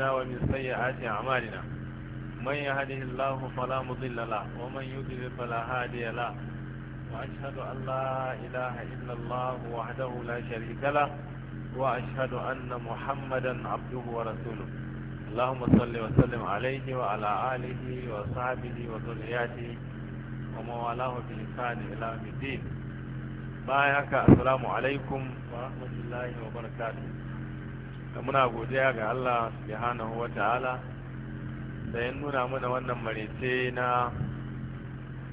أنفسنا ومن سيئات أعمالنا من يهده الله فلا مضل له ومن يضلل فلا هادي له وأشهد أن لا إله إلا الله وحده لا شريك له وأشهد أن محمدا عبده ورسوله اللهم صل وسلم عليه وعلى آله وصحبه وذرياته وموالاه بإحسان إلى يوم الدين بايعك السلام عليكم ورحمة الله وبركاته da muna godiya ga Allah subhanahu wa ta'ala da ya nuna mana wannan marece na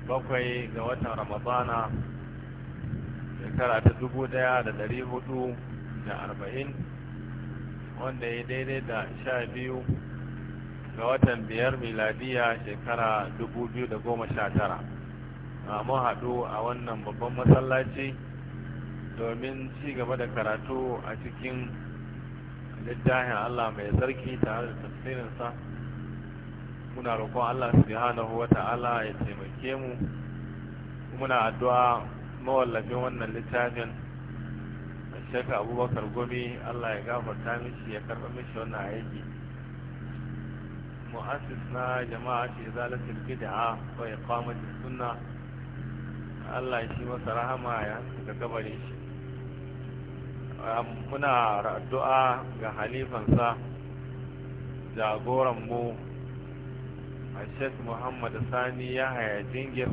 bakwai ga watan ramadana shekara ta dubu daya da dari hudu da arba'in wanda ya daidai da sha biyu ga watan biyar miladiya shekara dubu biyu da goma sha tara mun haɗu a wannan babban masallaci domin ci gaba da karatu a cikin littafin Allah mai sarki tare da tafsirinsa muna roƙon Allah subhanahu wa ta'ala ya taimake mu muna addu'a mawallafin wannan littafin Sheikh Abubakar Gumi Allah ya gafarta mishi ya karɓa mishi wannan aiki mu'assis na jama'a ce zalatul bid'a wa iqamatis sunna Allah shi masa rahama ya haska gabarin shi muna addu'a ga halifansa jagoranmu a sheikh muhammad sani ya haya jingir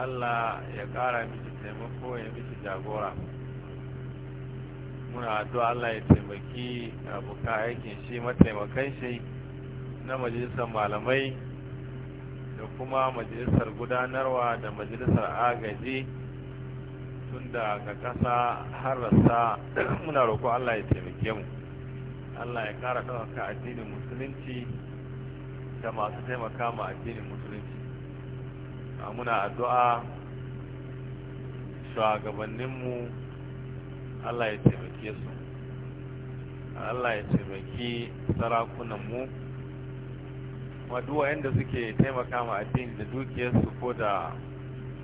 allah ya ƙara miki taimako ya miki jagora muna addu'a allah ya taimaki abuka aikin shi mataimakan shi na majalisar malamai da kuma majalisar gudanarwa da majalisar agaji tun daga kasa har rasa muna roƙo Allah ya taimake mu Allah ya ƙara ka addinin musulunci da masu taimaka ma addinin musulunci muna addu'a shugabanninmu Allah ya taimake su Allah ya taimaki sarakunanmu waduwa yadda suke taimaka ma addini da dukiyarsu ko da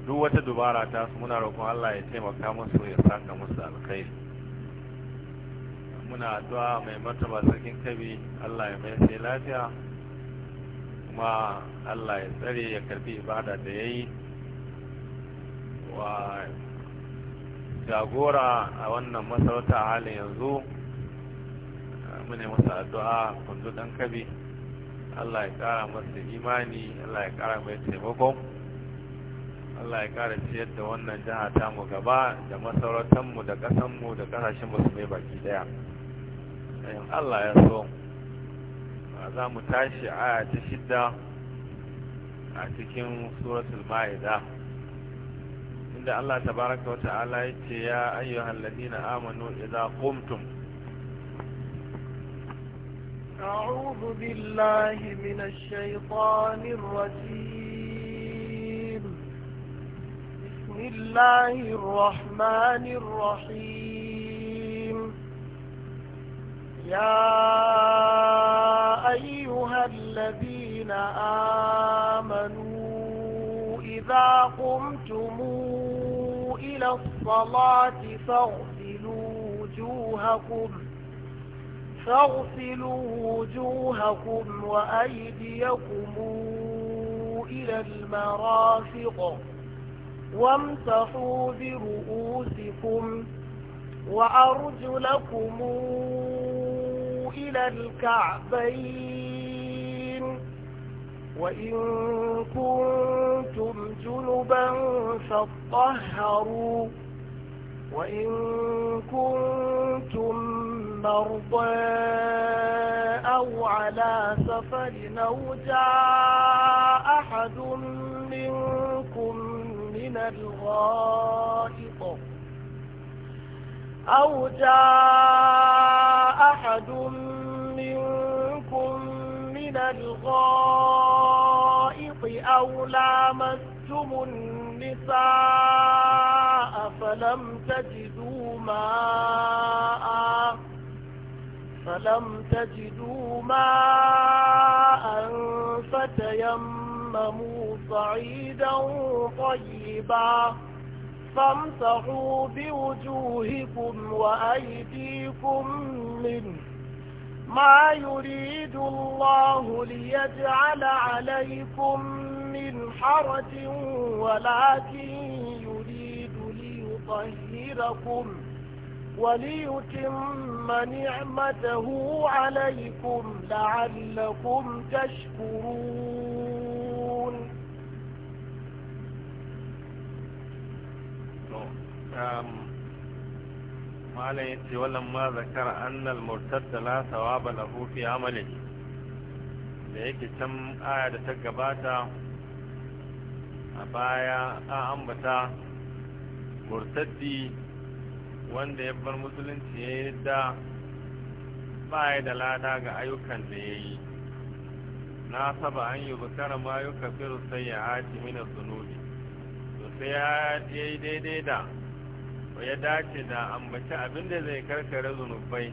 duk wata dubara ta su muna roƙon Allah ya taimaka musu ya saka musu alkhairi muna addu'a mai martaba sarkin kabi Allah ya mai sai lafiya kuma Allah ya tsare ya karbi ibada da yayi wa jagora a wannan masarauta halin yanzu mune masa addu'a kundu dan kabi Allah ya kara masa imani Allah ya kara mai taimako. Allah ya kare ciyar da wannan jiha ta mu gaba da masarautanmu da ƙasanmu da ƙasashen musulmai baki daya in Allah ya so za mu tashi aya ta shidda a cikin suratul ma'ida inda Allah tabaraka wa ta'ala ce ya ayyuhal ladina amanu idza qumtum أعوذ بالله من الشيطان الرجيم الله الرحمن الرحيم يا أيها الذين آمنوا إذا قمتم إلى الصلاة فاغسلوا وجوهكم فاغسلوا وجوهكم وأيديكم إلى المرافق وامسحوا برؤوسكم وأرجلكم إلى الكعبين وإن كنتم جنبا فاطهروا وإن كنتم مرضى أو على سفر أو جاء أحد منكم من الغائط أو جاء أحد منكم من الغائط أو لامستم النساء فلم تجدوا ماء فلم تجدوا ماء فتيمموا تعلموا صعيدا طيبا فامسحوا بوجوهكم وأيديكم من ما يريد الله ليجعل عليكم من حرج ولكن يريد ليطهركم وليتم نعمته عليكم لعلكم تشكرون Um, malam ya ce wannan ma zakara annal murtadda la sawaba lahu fi amali da yake can aya da ta gabata a baya a ambata murtaddi wanda ya bar musulunci ya yi da baya da lada ga ayyukan da ya yi na saba an yi bukara ma yi sai ya haji mina zunubi sai ya yi daidai da ya dace da ambaci abinda zai karkare zunubai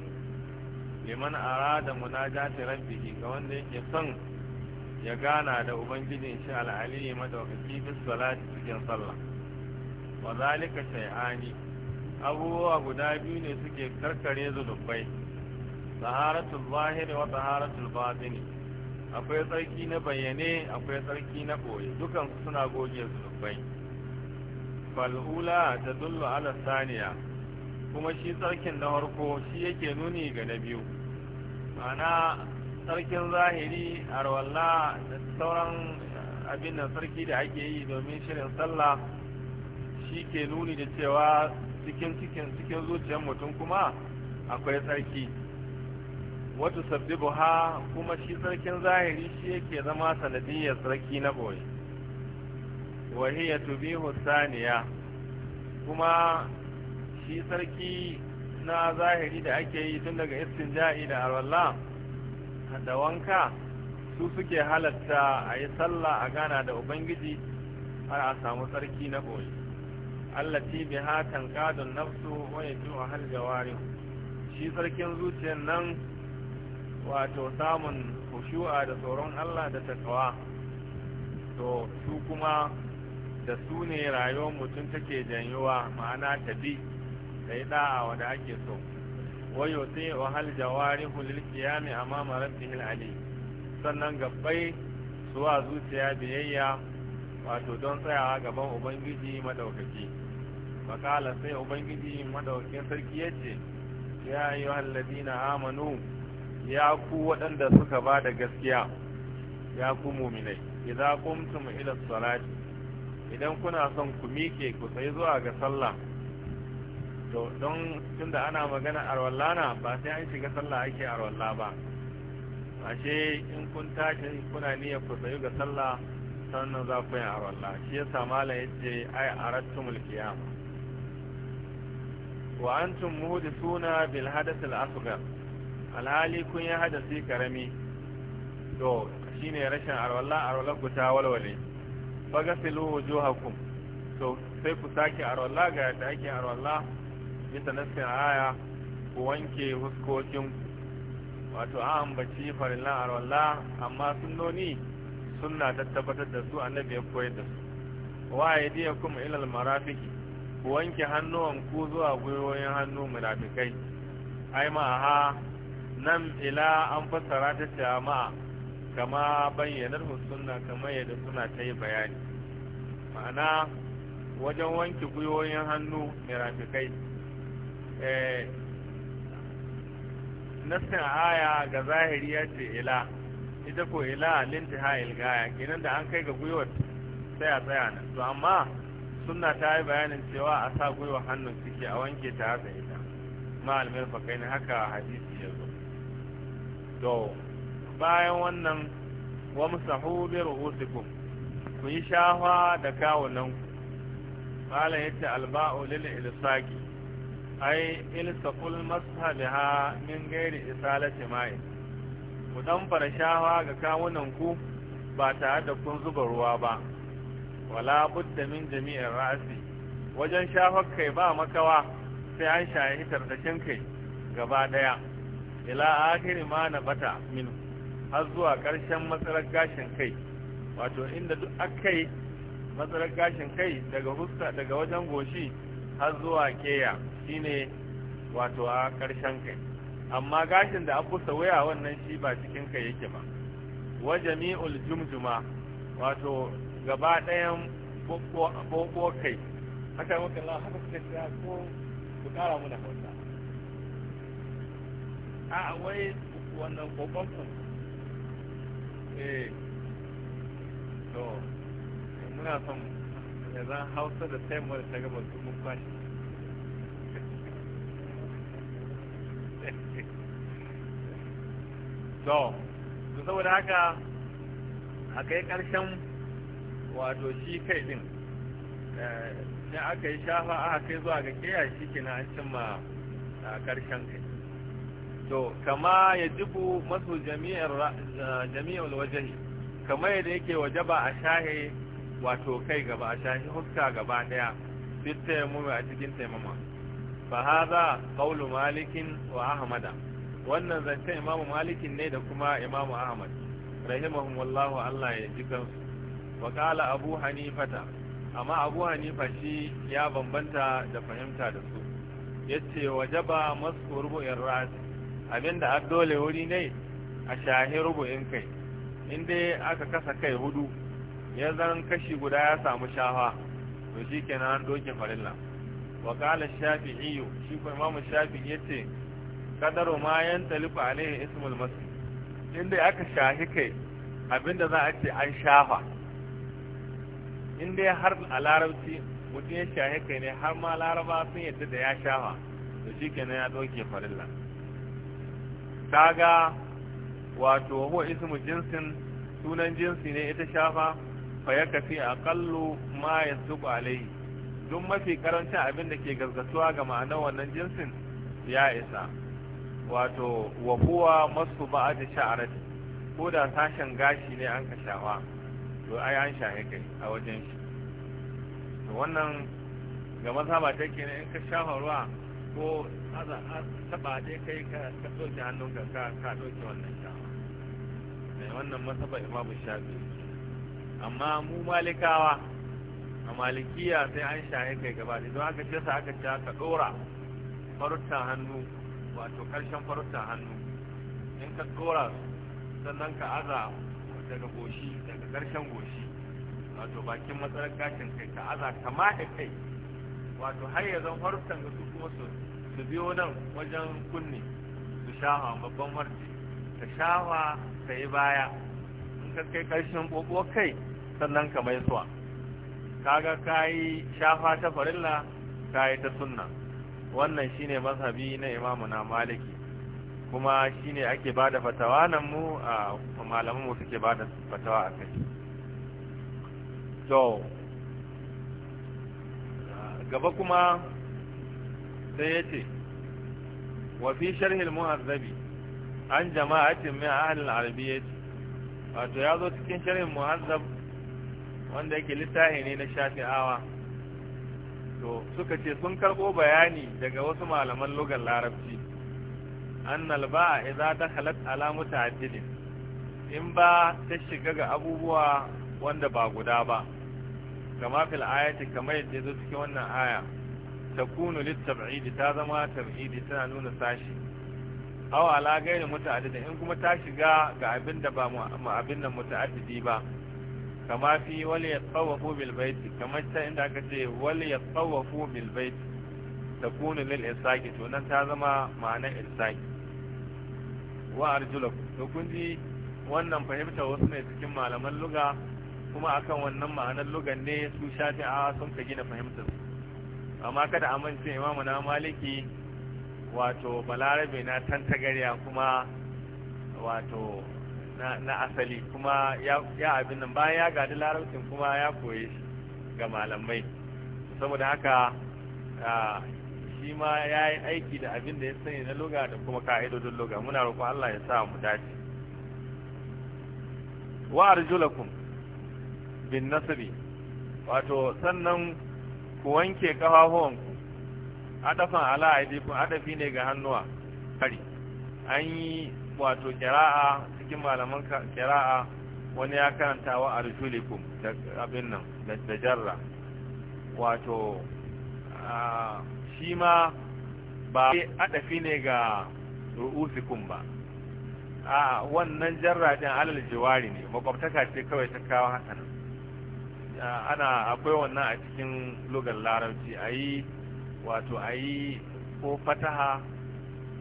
liman arada munajati rabbihi ga wanda yake son ya gana da ubangijin shi da madaukaki bis salati cikin sallah wa zalika shay'ani abubuwa guda biyu ne suke karkare zunubai taharatul zahiri wa taharatul batini akwai tsarki na bayyane akwai tsarki na boye dukan suna goge zunubai fal'ula ta dullu ala saniya kuma shi tsarkin na harko shi yake nuni ga na biyu mana tsarkin zahiri arwalla da sauran abin da tsarki da ake yi domin shirin sallah shi ke nuni da cewa cikin cikin cikin zuciyar mutum kuma akwai tsarki wata sabbi ha kuma shi tsarkin zahiri shi yake zama sanadiyyar tsarki na boye wahiya tubihu saniya kuma shi sarki na zahiri da ake yi tun daga istinja'i da arwalla da wanka su suke halatta a yi sallah a gana da ubangiji har a samu sarki na boye allati biha tanqadun nafsu wa yatu hal jawari shi sarkin zuciyar nan wato samun kushu'a da tsoron Allah da takawa to su kuma da su ne rayuwar mutum take janyowa, ma'ana ta bi ta yi da'a wanda ake so wayo sai wa hal jawari hulil kiyami amma marabbihil ali sannan gabbai suwa zuciya biyayya wato don tsayawa gaban ubangiji madaukaki makala sai ubangiji maɗaukakin sarki ya ce ya yi na amanu ya ku waɗanda suka ba da gaskiya ya ku muminai idza qumtum ila salati idan kuna son ku miƙe ku sai zuwa ga sallah to don tunda ana magana arwalla na ba sai an shiga sallah ake arwalla ba ashe in kun tashi kuna niyya ku tsaye ga sallah sannan za ku yi arwalla shi yasa malam yace ai arattumul qiyam wa antum muhdithuna bil hadath al asghar alhali kun yi hadasi karami to shine rashin arwalla arwalla ku ta walwale fagasilu wujuhakum to sai ku sake arwallah ga yadda ake arwallah bisa nassin aya ku wanke huskokin wato a ambaci farillan arwallah amma sunnoni sunna ta tabbatar da su annabi ya koyar da su wa aydiyakum ila almarafiqi ku wanke hannuwan ku zuwa gwiwoyin hannu munafikai ai ma ha nan ila an fassara ta jama'a kama bayyanar sunna kama yadda suna ta yi bayani ma'ana wajen wanke gwiwoyin hannu mai rafikai eh, nassin aya ga zahiri ya ce ila ita ko ila linti ha ilgaya kenan da an kai ga gwiwar tsaya tsaya nan to amma sunna ta yi bayanin cewa a sa gwiwar hannun ciki a wanke ta haka ita ma'almin fakai ne haka hadisi ya zo bayan wannan wa musahu bi ru'usikum ku yi shafa da kawunan ku qala yatta alba'u lil ilsaqi ay ilsaqul masha biha min ghairi isalati ma'i ku dan fara shafa ga kawunan ku ba tare da kun zuba ruwa ba wala budda min jami'in ra'si wajen shafa kai ba makawa sai an shahi tarkashin kai gaba daya ila akhiri ma nabata minhu har zuwa ƙarshen matsalar gashin kai wato inda duk yi matsalar gashin kai daga huska daga wajen goshi har zuwa keya shine wato a ƙarshen kai amma gashin da abusa waya wannan shi ba cikin kai yake ba wajen jami'ul jumjuma wato gaba ɗayan boko kai haka yi Allah haka suka tsaya ah, ko ku ƙara muna hausa a wai wannan kokon Eh. to muna son ya zan hausa da taimuwa da ta gaba su kwashi to saboda haka a kai karshen wato shi kai din eh, da aka yi shafa aka kai zuwa ga kiyaye shi kenan an cimma a ah, karshen kai to kama ya jibu masu jami'ar eh, wajahi kama yadda yake wajaba a shahe wato kai gaba a shahe huska gaba daya fit taimama a cikin taimama fa za qawlu malikin wa ahmada wannan zance imamu malikin ne da kuma imamu ahmad rahimahumullahu Allah ya ji kansu wa kala abu hanifata amma abu hanifa shi ya bambanta da fahimta da su yace wajaba masu rubu'in ra'si abinda an dole wuri ne a shahi rubu'in kai in dai aka kasa kai hudu ya zan kashi guda ya samu shafa to shi kenan an doke farilla wa kala shafi'i shi ko imamu shafi'i yace kadaro ma yantalifu alaihi ismul masjid in dai aka shahi kai abinda za a ce an shafa in dai har a larabci mutum ya shahi kai ne har ma laraba sun yadda da ya shafa to shi kenan ya doke farilla kaga wato huwa ismu jinsin sunan jinsi ne ita shafa fa ya kafi aqallu ma yasubu alai, duk mafi karanta abin da ke gazgatuwa ga ma'anar wannan jinsin ya isa wato wa huwa masu ba'a da sha'arati ko da sashen gashi ne an ka shafa to ai an shahe kai a wajen shi to wannan ga maza ba take ne in ka shafa ruwa ko taba dai kai ka soke hannunka ka ka doke wannan shawa mai eh, wannan masaba imamu shafi amma mu malikawa a malikiya sai an shaye kai gaba da don aka ce aka ce aka dora faruttan hannu wato karshen faruttan hannu in ka dora sannan ka aza daga goshi daga karshen goshi wato bakin matsalar gashin kai ka aza kama da kai wato har yanzu zan faruttan ga su kuma sosai. su biyo nan wajen kunne su shafa babban marji ta shafa ta yi baya in ka kai ƙarshen ƙoƙo kai sannan ka mai suwa kaga ka yi shafa ta farilla ka yi ta sunna wannan shine mazhabi na imamu na maliki kuma shine ake ba da fatawa nan mu a malaman mu suke ba da fatawa a kai gaba kuma sai ya ce wa fi muhazzabi an jama'atin min Al arabiyyah wato ya zo cikin sharhin muhazzab wanda yake littafi ne na shafi'awa to suka ce sun karɓo bayani daga wasu malaman lugar larabci annal ba'a idza dakhalat ala mutaaddidin in ba ta shiga ga abubuwa wanda ba guda ba kama fil ayati kamar yadda zo cikin wannan aya تكون للتبعيد ta zama tab'idi tana nuna sashi aw ala gairi muta'addida in kuma ta shiga ga abin ba mu abin nan muta'addidi ba kama fi wal yatawafu bil bait kamar ta inda aka ce wal yatawafu bil bait lil wannan fahimta wasu ne cikin malaman luga kuma akan wannan ma'anar lugan ne su shafi'a sun ka gina fahimtar su amma kada a mance imamu na maliki wato balarabe na tantagarya kuma wato na asali kuma ya abin nan bayan ya gadi larabcin kuma ya koye ga malamai saboda haka shi ma ya yi aiki da abin da ya sani na loga da kuma ka'idodin loga muna roƙon Allah ya sa mu dace wa arjulakum bin nasabi wato sannan ku wanke kafafuwan ku adafan ala aidikum adafi ne ga hannuwa kari an yi wato kira'a cikin malaman kira'a wani ya karanta wa arjulikum da abin nan da jarra wato shi ma ba adafi ne ga ru'usikum ba a wannan jarra din alal jiwari ne makwabtaka ce kawai ta kawo haka ana akwai wannan a cikin lugar larabci a yi wato a yi ko fataha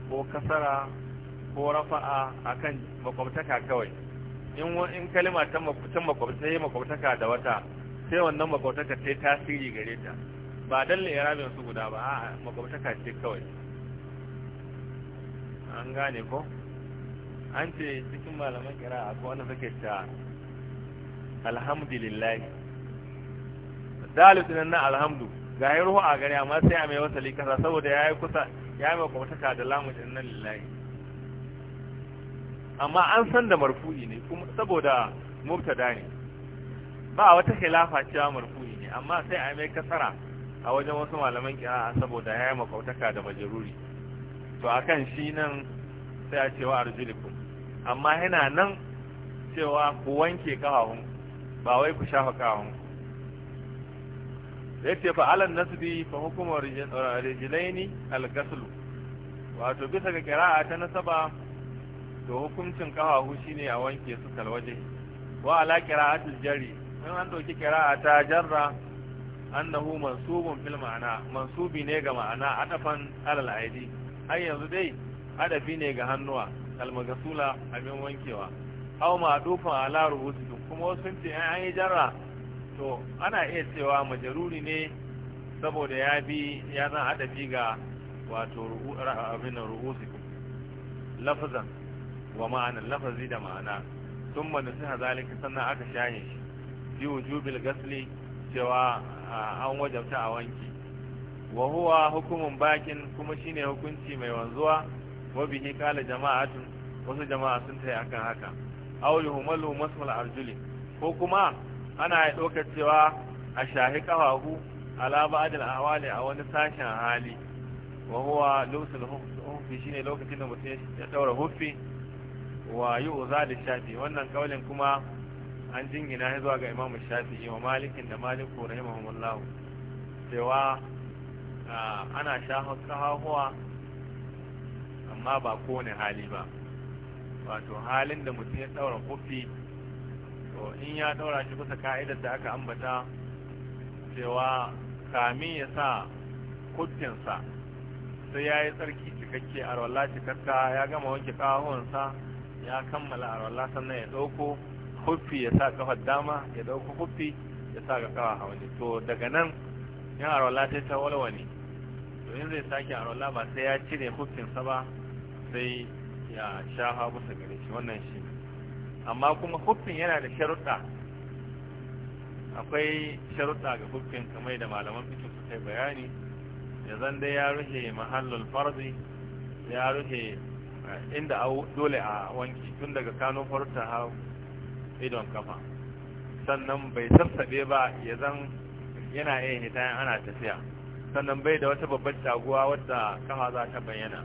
ko kasara ko rafa'a akan makwabtaka kawai in in kalima ta makwabta yi makwabtaka da wata sai wannan makwabtaka sai tasiri gare ta ba dan irabin su guda ba a makwabtaka ce kawai an gane ko an ce cikin malaman kira akwai wanda suke ta alhamdulillah dalibin nan na alhamdu ga yi ruhu a gari amma sai a mai wasali kasa saboda ya yi kusa ya mai kwamtaka da lamun din nan lillahi amma an san da marfu'i ne kuma saboda mubtada ne ba wata khilafa cewa marfu'i ne amma sai a mai kasara a wajen wasu malaman kira'a saboda ya yi makwautaka da majaruri to akan shi nan sai a cewa arjulikum amma yana nan cewa ku wanke kawahun ba wai ku shafa kawahun da yake fa alan nasbi fa hukumar rijlaini al-ghasl wato bisa ga qira'a ta nasaba to hukuncin kafahu shine a wanke su kalwaje wa ala qira'atil jari in an dauki kira'a ta jarra annahu mansubun fil ma'ana mansubi ne ga ma'ana adafan alal aidi har yanzu dai adafi ne ga hannuwa almagasula abin wankewa aw ma'dufan ala ru'usikum kuma wasu sun ce an yi jarra to ana iya cewa majaruri ne saboda ya bi ya zan adabi ga wato abin rubusi lafazan wa ma'anin lafazi da ma'ana sun manusi hazalika sannan aka shaye shi fi wujubil gasli cewa an wajabta a wanki wa huwa hukumin bakin kuma shine hukunci mai wanzuwa wa bihi kala jama'atun wasu jama'a sun tayi akan haka aw yuhmalu masmal arjuli ko kuma ana ya ɗaukar cewa a shahi ƙafafu ala ba'adil ahwali a wani sashen hali wa huwa lusul hufi shine lokacin da mutum ya daura hufi wa uza da shafi wannan kaulin kuma an jingina ya zuwa ga imamu yi wa malikin da maliku mullahu cewa ana shahar ƙafafuwa amma ba kowane hali ba wato halin da mutum ya daura hufi to in ya ɗaura shi bisa ka'idar da aka ambata cewa kamin ya sa kudinsa sai ya yi tsarki cikakke a rawalla cikakka ya gama wanke ƙahonsa ya kammala a rawalla sannan ya ɗauko huffi ya sa kafar dama ya ɗauko huffi ya sa ga kawa hauni to daga nan in a rawalla ta ta walwale to in zai sake a rawalla ba sai ya cire huffinsa ba sai ya shafa bisa gare shi wannan shi amma kuma huffin yana da sharuɗa akwai sharuɗa ga huffin kamar da malaman fito su kai bayani ya zan dai ya rufe mahallul farzi ya rufe inda dole a wanki tun daga kano farta ha idon kafa sannan bai sassabe ba ya zan yana yin hitayen ana tafiya sannan bai da wata babbar taguwa wadda kafa za ta bayyana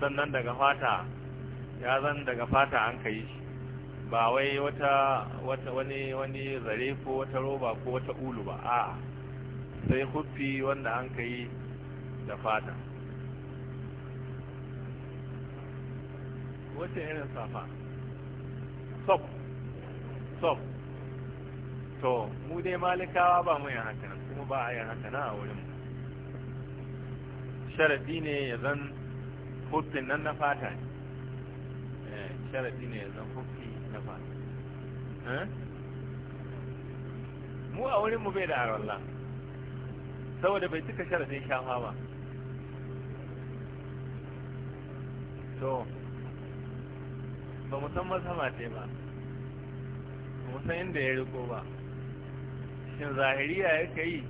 sannan daga fata ya zan daga fata an ka yi shi ba wai wata wata wani wani zare ko wata roba ko wata ulu ba a sai huffi wanda an kai da fata wata irin safa sop sop to mu dai malikawa ba mu yin haka kuma ba a yin haka a wurin sharadi ne ya zan huffin nan na fata ne eh, sharadi ne ya zan huffi kafa eh? mu a wurin mu bai da arwalla saboda bai cika sharadin shafa ba to ba musamman sama ce ba mu san inda ya riko ba shin zahiriya ya yi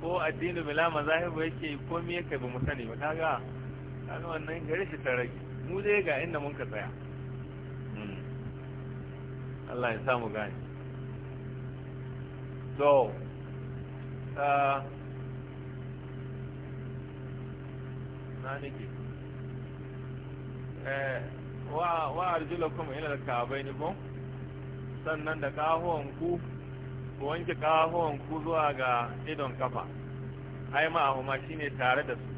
ko addinu bila mazahibu ya yi ko ya kai ba mu sani ba Ta ga wannan gari shi ta rage mu dai ga inda mun ka tsaya Allah ya samu gani uh, na nake eh, wa arjulakum ila al-ka'bayn sannan da kahuwan ku ku wanke kahuwan ku zuwa ga idon kafa ai ma ma shine tare da su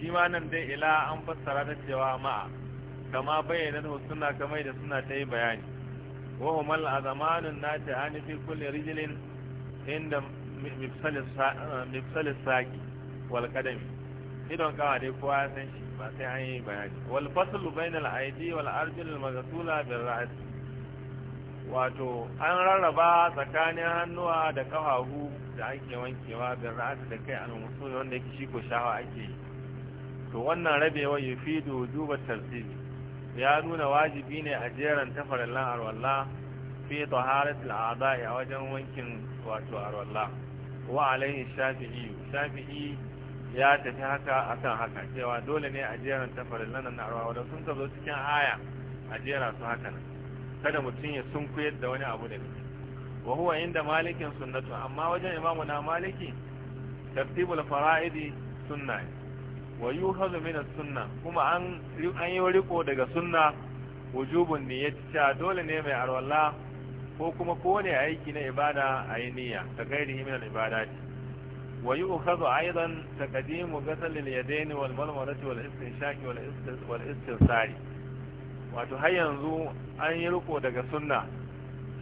shi ma nan dai ila an fassara ta cewa ma'a kama bayyana suna kamar da suna ta yi bayani وهم الأزمان الناس يعني في كل رجل عند مفصل الساق والقدم idon kawa dai kowa ya san shi ba sai an yi wato an rarraba tsakanin hannuwa da kafahu da ake wankewa da ra's da kai al musul wanda yake shi ko shawa ake to wannan rabewa yufidu wujubat tartibi ya nuna wajibi ne a jeran tafarillan arwalla fi taharatul a'da'i a wajen wankin wato arwalla wa alaihi shafi'i shafi'i ya tafi haka akan haka cewa dole ne a jeran nan na arwalla sun tabbata cikin aya a jera su haka nan kada mutum ya sunkuyar da wani abu da ne wa huwa inda malikin sunnatu amma wajen imamu na maliki tartibul fara'idi sunna wa yuhazu min sunna kuma an yi riko daga sunna wujubun ta dole ne mai arwalla ko kuma kowane aiki na ibada a yi niyya ta gairi min ibadati wa yu'khadhu aidan kadimu ghasl al-yadayn wal malmarati wal istinshaq wal wal istinsari wato har yanzu an yi riko daga sunna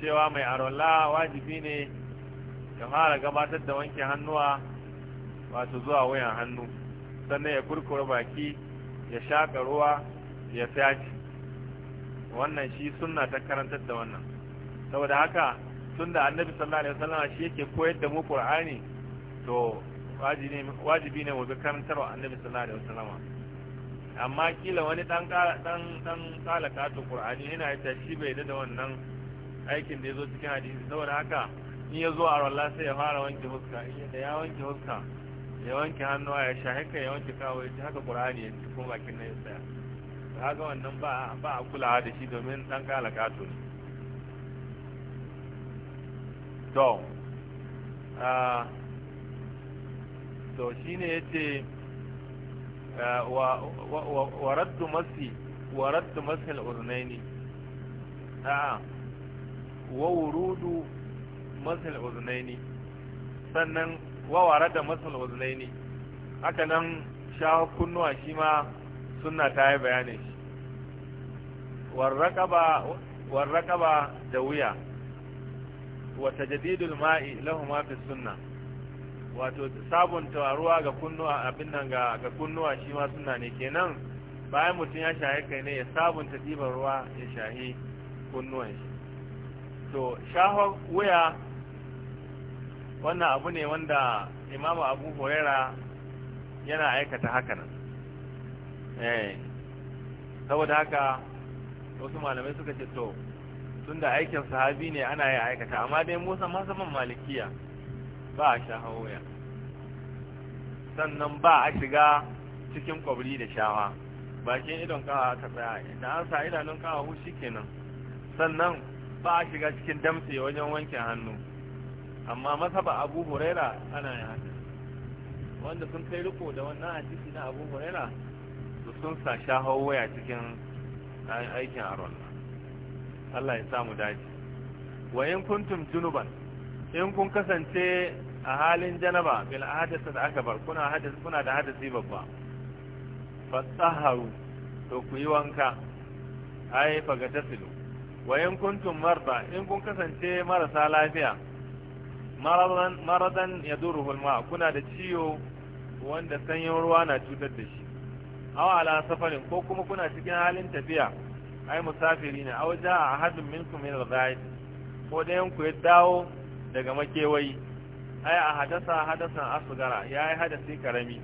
cewa mai arwalla wajibi ne ya fara gabatar da wanke hannuwa wato zuwa wayan hannu sannan ya kurkura baki ya shaƙa ruwa ya tashi wannan shi sunna ta karantar da wannan saboda haka tun da annabi sallallahu alaihi wasallam shi yake koyar da mu qur'ani to wajibi ne mu ga karantarwa annabi sallallahu alaihi wasallam amma kila wani dan dan dan talaka to qur'ani yana ita shi bai da wannan aikin da yazo cikin hadisi saboda haka in yazo a wallah sai ya fara wanke huska in da ya wanke huska ya wanke hannuwa ya sha haka ya wanke kawo ya haka ƙur'ani ya ko bakin na ya tsaya haka wannan ba a kulawa da shi domin ɗan kala kato ne to to shi ne ya ce wa raddu masi wa raddu masi al'urnaini a'a wa wurudu masi al'urnaini sannan wawara da masul uzlaini haka nan shawo kunnuwa shi ma sunna ta yi bayanin shi warraƙaba da wuya wata jadidul ma'i lahuma fi sunna wato sabunta ruwa ga kunnuwa abin nan ga kunnuwa shi ma sunna ne kenan bayan mutum ya shahi kai ne ya sabunta ɗiban ruwa ya shahi kunnuwan shi to shahon wuya wannan abu ne wanda imamu abu horera yana aikata haka nan eh, saboda haka wasu malamai suka ce to tun da aikin sahabi ne ana yi aikata amma dai musa masaman malikiya ba a shahawoya sannan ba a shiga cikin kwabri da shawa bakin idon kawa ta tsaya da an sa idanun kawa shi kenan sannan ba a shiga cikin damse wajen wanke hannu amma ba abu huraira ana yin haka wanda sun kai riko da wannan hadisi na abu huraira su sun sa shahawo waya cikin aikin aron Allah ya samu daji wa in kuntum junuban in kun kasance a halin janaba bil hadasa da aka bar kuna hadasa kuna da hadasi babba fasaharu to ku yi wanka ai fagatasilu wa in kuntum marda in kun kasance marasa lafiya maradan ya duruhul ma kuna da ciwo wanda sanyin ruwa na cutar da shi aw ala safarin ko kuma kuna cikin halin tafiya ai musafiri ne aw a ahadun minku min al-ghaib ko dayan ku ya dawo daga makewayi ai a hadasa hadasan asgara yayi hadasi karami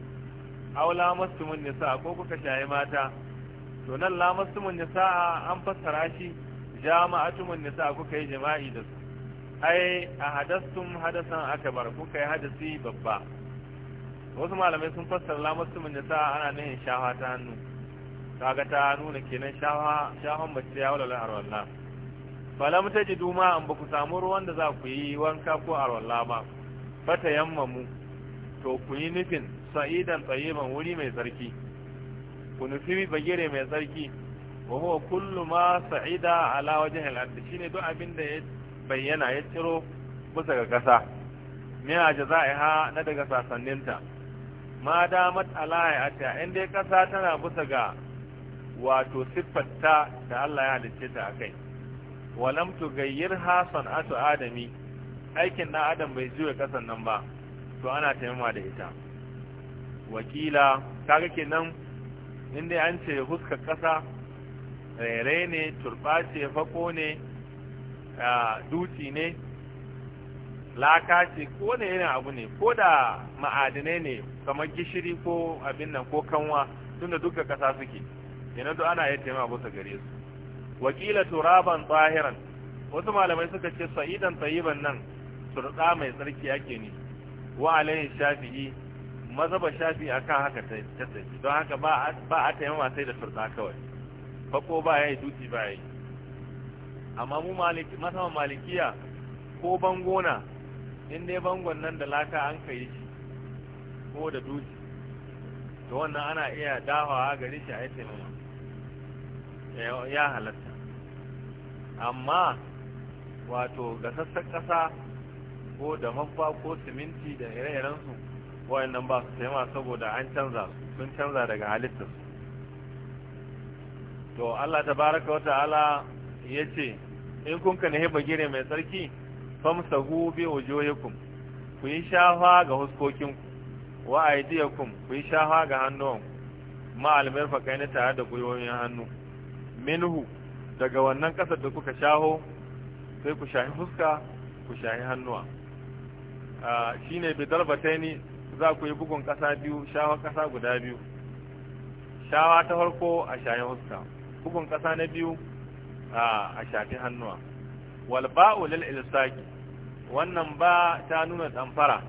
aw lamastumun nisa ko kuka shayi mata to nan la lamastumun nisa an fassara shi jama'atumun nisa kuka yi jima'i da su ai a hadastum hadasan akbar kuka yi hadasi babba wasu malamai sun fassara lamarsu min yasa ana nihin shawa ta hannu kaga ta nuna kenan shafa shafan mace ya wallahi arwalla falam tajidu ma an baku samu ruwan da za ku yi wanka ko arwalla ba fata yammamu to ku yi nufin sa'idan tsayiban wuri mai tsarki ku nufi bagire mai tsarki wa huwa kullu ma sa'ida ala wajhi al ardh shine duk abin da ya bayyana ya ciro bisa ga ƙasa mina ha na daga sasanninta ma damat a in dai ƙasa tana bisa ga wato siffarta da Allah ya halicce ta akai walam tugayyirha san'atu adami aikin na adam bai juya ƙasan nan ba to ana taimama da ita wakila kaga kenan in dai an ce huska ƙasa rere ne turɓa fako ne Duti ne lakaci ce ko ne irin abu ne ko da ma'adinai ne kamar gishiri ko abin nan ko kanwa tunda duka kasa suke yana duk ana yi taimaka bisa gare su wakila turaban tsahiran wasu malamai suka ce sa'idan tsayiban nan turɗa mai tsarki ake ne wa alayhi shafi'i mazhaba shafi'i kan haka ta tsaye don haka ba a yi sai da turɗa kawai fako ba yayi duti ba yi. amma mu masama malikiya ko bangona in dai bangon nan da laka an kai shi ko da duki to wannan ana iya dahawa gari shi a yi taimama eh, ya halatta amma wato ga sassan ƙasa ko da mafa ko siminti da ire-irensu wayannan ba su taimama saboda an canza sun canza daga halittarsu to Allah ta baraka wa ta'ala ya ce in kun ka nahi bagire mai tsarki famsahu bi wujuhikum ku yi shafa ga ku wa aydiyakum ku yi shafa ga ku ma almirfaqai na tare da gwiwoyin hannu minhu daga wannan kasar da kuka shaho sai ku shahi fuska ku shahi hannuwa shine bi darbataini za ku yi bugun kasa biyu shawa kasa guda biyu shawa ta farko a shayin huska bugun kasa na biyu a shafi hannuwa wal ba'u lil ilsaqi wannan ba ta nuna tsamfara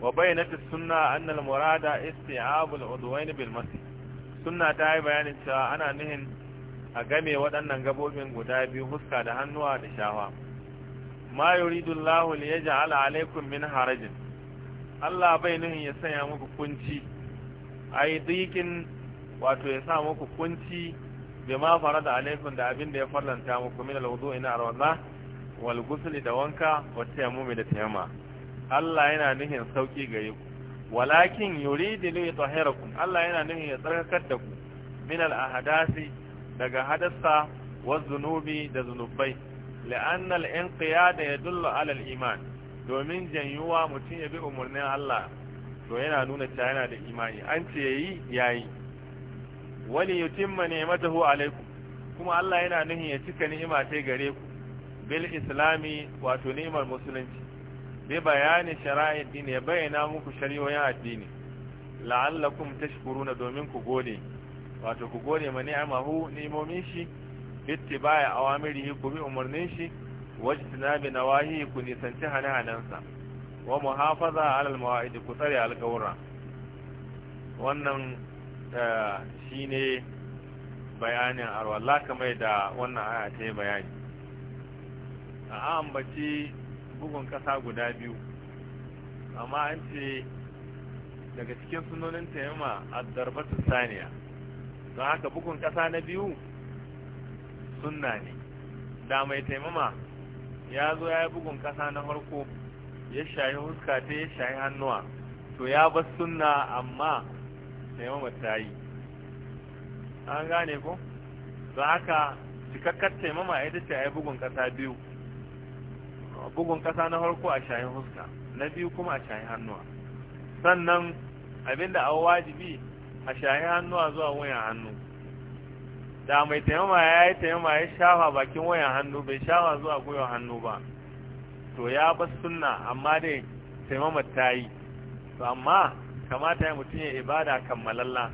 wa bayyanat sunna anna al murada isti'ab al udwayn bil mas sunna ta yi bayanin cewa ana nihin a game waɗannan gabobin guda biyu huska da hannuwa da shawa ma yuridu Allah li yaj'ala alaykum min harajin Allah bai nihin ya sanya muku kunci ai dikin wato ya sa muku kunci bima da alaikum da abin da ya farlanta muku min alwudu ina arwala wal ghusl da wanka wa tayammum da tayamma Allah yana nuhin sauki gare ku walakin yuridu li yutahhirakum Allah yana nuhin ya tsarkakar da ku min al ahdasi daga hadasa wa zunubi da zunubai la'anna al inqiyad yadullu ala al iman domin janyuwa mutum ya bi umurnin Allah to yana nuna cewa yana da imani an ce yayi yayi Wani wali mata matahu alaiku kuma Allah yana nuhin ya cika ni'ima ta gare ku bil islami wato ni'imar musulunci bi bayani shara'id din ya bayyana muku shari'o'in addini la'allakum tashkuruna domin ku gode wato ku gode ma hu ni'imomin shi ittiba'i awamirihi ku bi umarnin shi wajtinabi nawahi ku nisanci hane-hanensa wa muhafaza alal mawa'id ku tsare alƙawura wannan shine bayanin arwallah kamar da wannan aya ta yi bayani a ambaci bugun kasa guda biyu amma an ce daga cikin sunonin taimama a darbatu saniya don haka bugun kasa na biyu sunna ne da mai taimama ya zo ya yi bugun kasa na farko ya shayi huska ta ya shayi hannuwa to ya bar sunna amma taimama ta yi an gane ko za haka cikakkar taimama ita ce a yi bugun ƙasa biyu bugun kasa na farko a shayin huska na biyu kuma a shayin hannuwa sannan abinda a wajibi a shayin hannuwa zuwa wayan hannu da mai taimama ya yi taimama ya shafa bakin wayan hannu bai shafa zuwa gwiwa hannu ba to ya bas sunna amma dai taimama ta yi to amma kamata ya mutum ya ibada kammalalla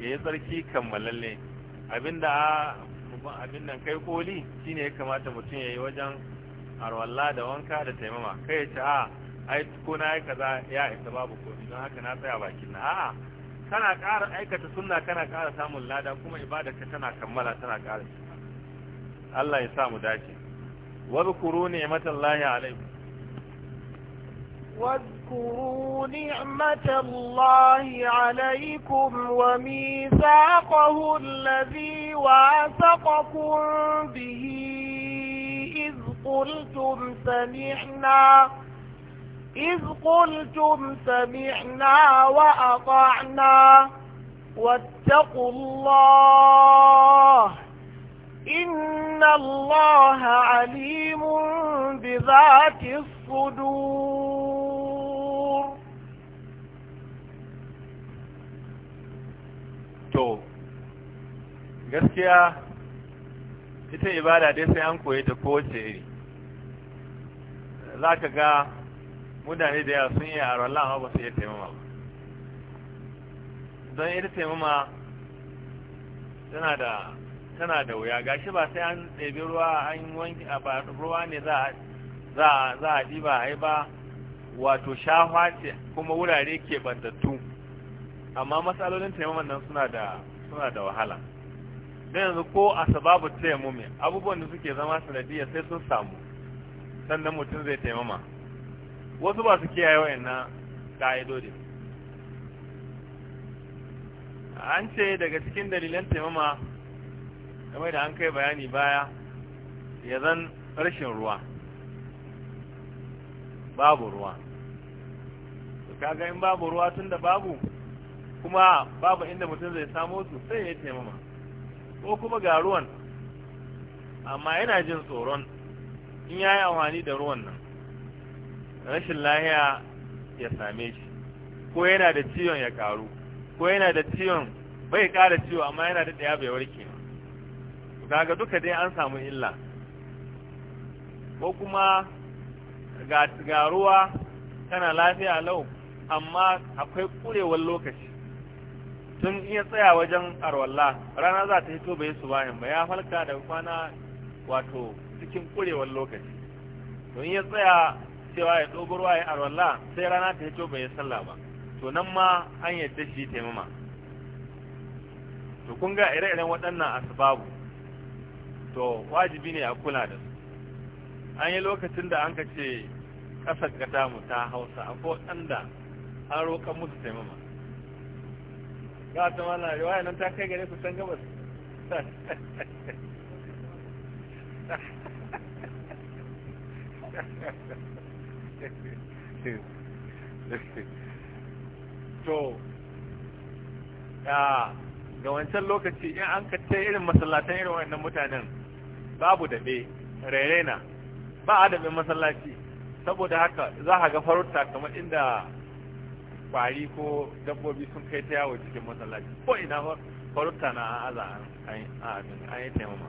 ya yi tsarki kammalalle abinda abin nan kai koli shine ya kamata mutum ya yi wajen arwalla da wanka da taimama kai ya ce a ai ko na aika za ya isa babu komi don haka na tsaya bakin na a kana ƙara aikata sunna kana ƙara samun lada kuma ibada ka tana kammala tana ƙara Allah ya sa mu dace wa zkuru ni'matallahi alaikum واذكروا نعمة الله عليكم وميثاقه الذي واثقكم به إذ قلتم سمعنا إذ قلتم سمعنا وأطعنا واتقوا الله إن الله عليم بذات الصدور gaskiya ita ibada dai sai an koyi ta kowace iri za ka ga mutane da yawa sun yi a rallon ba su iya taimama ba don iri taimama tana da tana da wuya gashi ba sai an ɗebi ruwa an wanki a ba ruwa ne za a ɗiba a yi ba wato shafa ce kuma wurare ke bantattu amma matsalolin taimaman nan suna da wahala da yanzu ko a sababu taimumi abubuwan da suke zama sanadiyya sai sun samu sannan mutum zai taimama wasu ba su kiyaye na ka'idodin an ce daga cikin dalilan taimama game da an kai bayani baya ya zan rashin ruwa babu ruwa kaga in babu ruwa tun da babu kuma babu inda mutum zai samo su sai ya taimama ko kuma ga ruwan amma yana jin tsoron in ya yi amfani da ruwan nan rashin lahiya ya same shi ko yana da ciwon ya karu ko yana da ciwon bai kara ciwo amma yana da ɗaya bai warke ga duka dai an samu illa ko kuma ga ruwa tana lafiya lau amma akwai kurewar lokaci tun iya tsaya wajen arwalla rana za ta hito bai su bayan ba ya halka da kwana wato cikin kurewar lokaci tun iya tsaya cewa ya tsoburwa ya arwalla sai rana ta hito bai salla ba to nan ma an yadda shi taimama to kun ga ire-iren waɗannan asibabu, to wajibi ne a kula da su an yi lokacin da an ka ce ƙasar gata ta hausa akwai waɗanda an roƙa musu taimama ga ta mana riwaya nan ta kai gare ku san gabas to wancan lokaci in an kace irin masallatan irin wannan mutanen babu daɗe rairena ba a masallaci saboda haka za a ga farauta kamar inda kwari ko dabbobi sun kai ta yawo cikin masallaci ko ina ba na aza an yi taimama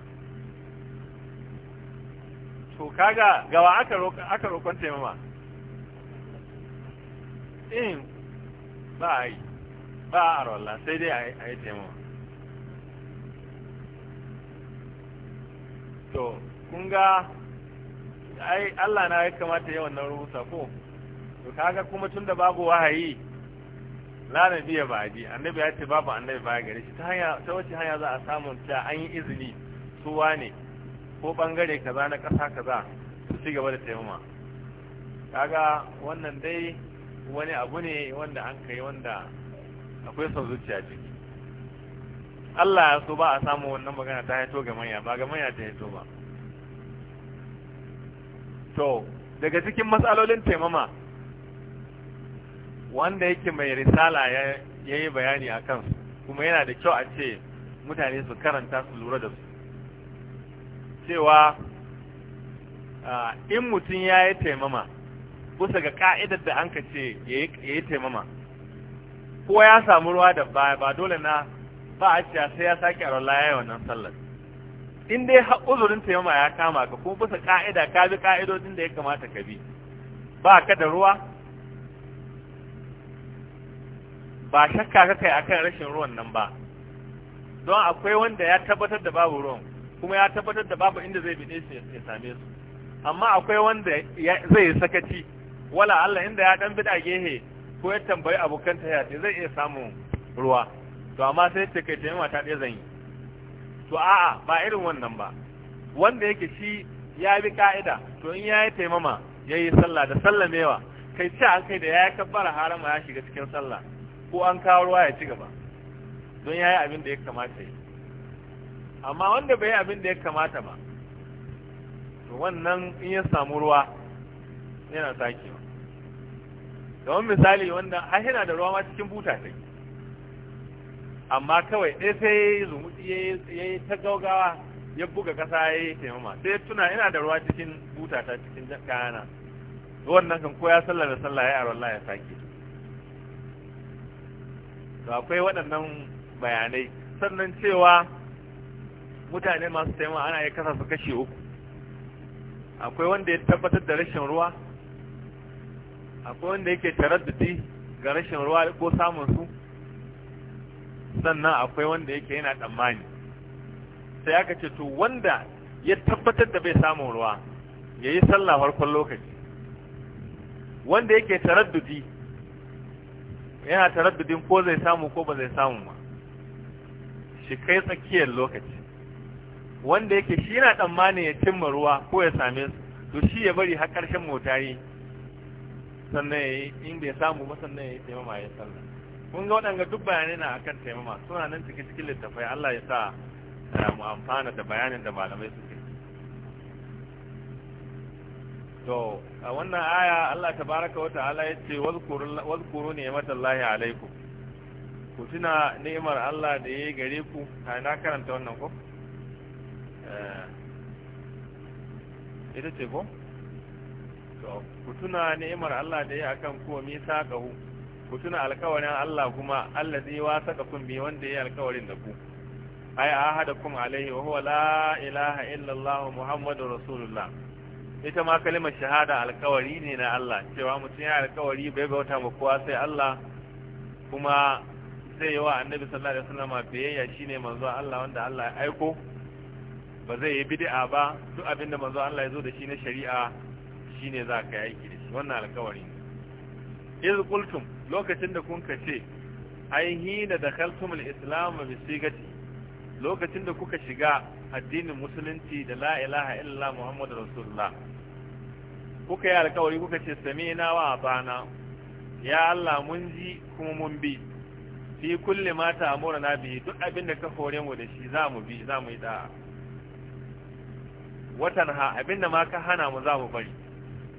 to kaga gawa aka roƙon taimama in eh, ba a yi ba a arwalla sai dai a yi taimama to kun ga ai Allah na ya kamata yawan nan rubuta ko to kaga kuma tun da babu wahayi la biya ba ji annabi ya ce babu annabi baya gare shi ta hanya ta wace hanya za a samu ta an yi izini su wane ko bangare kaza na kasa kaza su ci gaba da taimama kaga wannan dai wani abu ne wanda an kai wanda akwai sau zuciya ciki Allah ya so ba a samu wannan magana ta haito ga manya ba ga manya ta haito ba to daga cikin matsalolin taimama wanda yake mai risala ya yi bayani a kansu kuma yana da kyau a ce mutane su karanta su lura da su cewa in mutum ya yi taimama kusa ga ka'idar da an ka ce ya yi taimama ko ya samu ruwa da baya ba dole na ba a ciya sai ya sake a ya yi wannan sallar in dai uzurin taimama ya kama ka kuma kusa ka'ida ka bi ka'idodin da ya kamata ka bi ba ka da ruwa ba shakka ka kai akan rashin ruwan nan ba don akwai wanda ya tabbatar da babu ruwan kuma ya tabbatar da babu inda zai bide su ya same su amma akwai wanda zai yi sakaci wala Allah inda ya dan bida gehe ko ya tambayi abokan ta yace zai iya samun ruwa to amma sai ta kai tayi ta ɗaya zan yi to a'a ba irin wannan ba wanda yake shi ya bi ka'ida to in ya yi taimama ya yi sallah da sallamewa kai ce an kai da ya yi kabbara harama ya shiga cikin sallah ko an kawo ruwa ya ci gaba don ya yi abin da ya kamata yi amma wanda bai yi abin da ya kamata ba to wannan in ya samu ruwa yana sakewa don misali wanda har yana da ruwa ma cikin buta ta amma kawai ɗaya sai ya yi zumuɗi ya yi ta gaugawa ya buga ƙasa ya yi taimama sai tuna ina da ruwa cikin buta ta cikin kayana wannan kan ko ya sallar da sallah ya yi a ya sake to akwai waɗannan bayanai sannan cewa mutane masu taimaka ana yi kasa su kashe uku akwai wanda ya tabbatar da rashin ruwa akwai wanda yake taraddadi ga rashin ruwa ko samun su sannan akwai wanda yake yana tsammani sai aka ce to wanda ya tabbatar da bai samun ruwa ya yi sallah farkon lokaci wanda yake taraddadi yana taraddudin ko zai samu ko ba zai samu ba shi kai tsakiyar lokaci wanda yake shi yana tsammanin ya cimma ruwa ko ya same su to shi ya bari har ƙarshen motari sannan ya yi in bai samu ba sannan ya yi taimama ya salla kun ga waɗanga duk bayanai na akan taimama suna nan cikin cikin littafai Allah ya sa eh, mu amfana da bayanin da malamai suke to a wannan aya Allah tabaraka wa ta'ala ya ce wazkuru ni'matallahi alaikum ku tuna ni'imar Allah da ya gare ku a na karanta wannan ko eh, ita ce ko to ku tuna ni'imar Allah da ya akan ku mi saqahu ku tuna alƙawarin Allah kuma allazi kun bi wanda ya alƙawarin da ku ai ahadakum alaihi wa huwa la ilaha illa Allah muhammadur rasulullah ita ma kalimar shahada alkawari ne na Allah cewa mutum ya alkawari bai bauta ma kowa sai Allah kuma zai yi wa annabi sallallahu alaihi wasallam biyayya shine manzo Allah wanda Allah ya aiko ba zai yi bid'a ba duk abinda manzo Allah ya zo da shi na shari'a shine za ka yi aiki da wannan alkawari iz qultum lokacin da kun kace ai hina dakhaltumul islam bi sigati lokacin da kuka shiga addinin musulunci da la ilaha illallah muhammadu rasulullah kuka yi alkawari kuka ce na wa bana ya Allah mun ji kuma mun bi fi kulli ma amura na bi duk abin da ka hore mu da shi za mu bi za mu yi da watan ha abin da ma ka hana mu za mu bari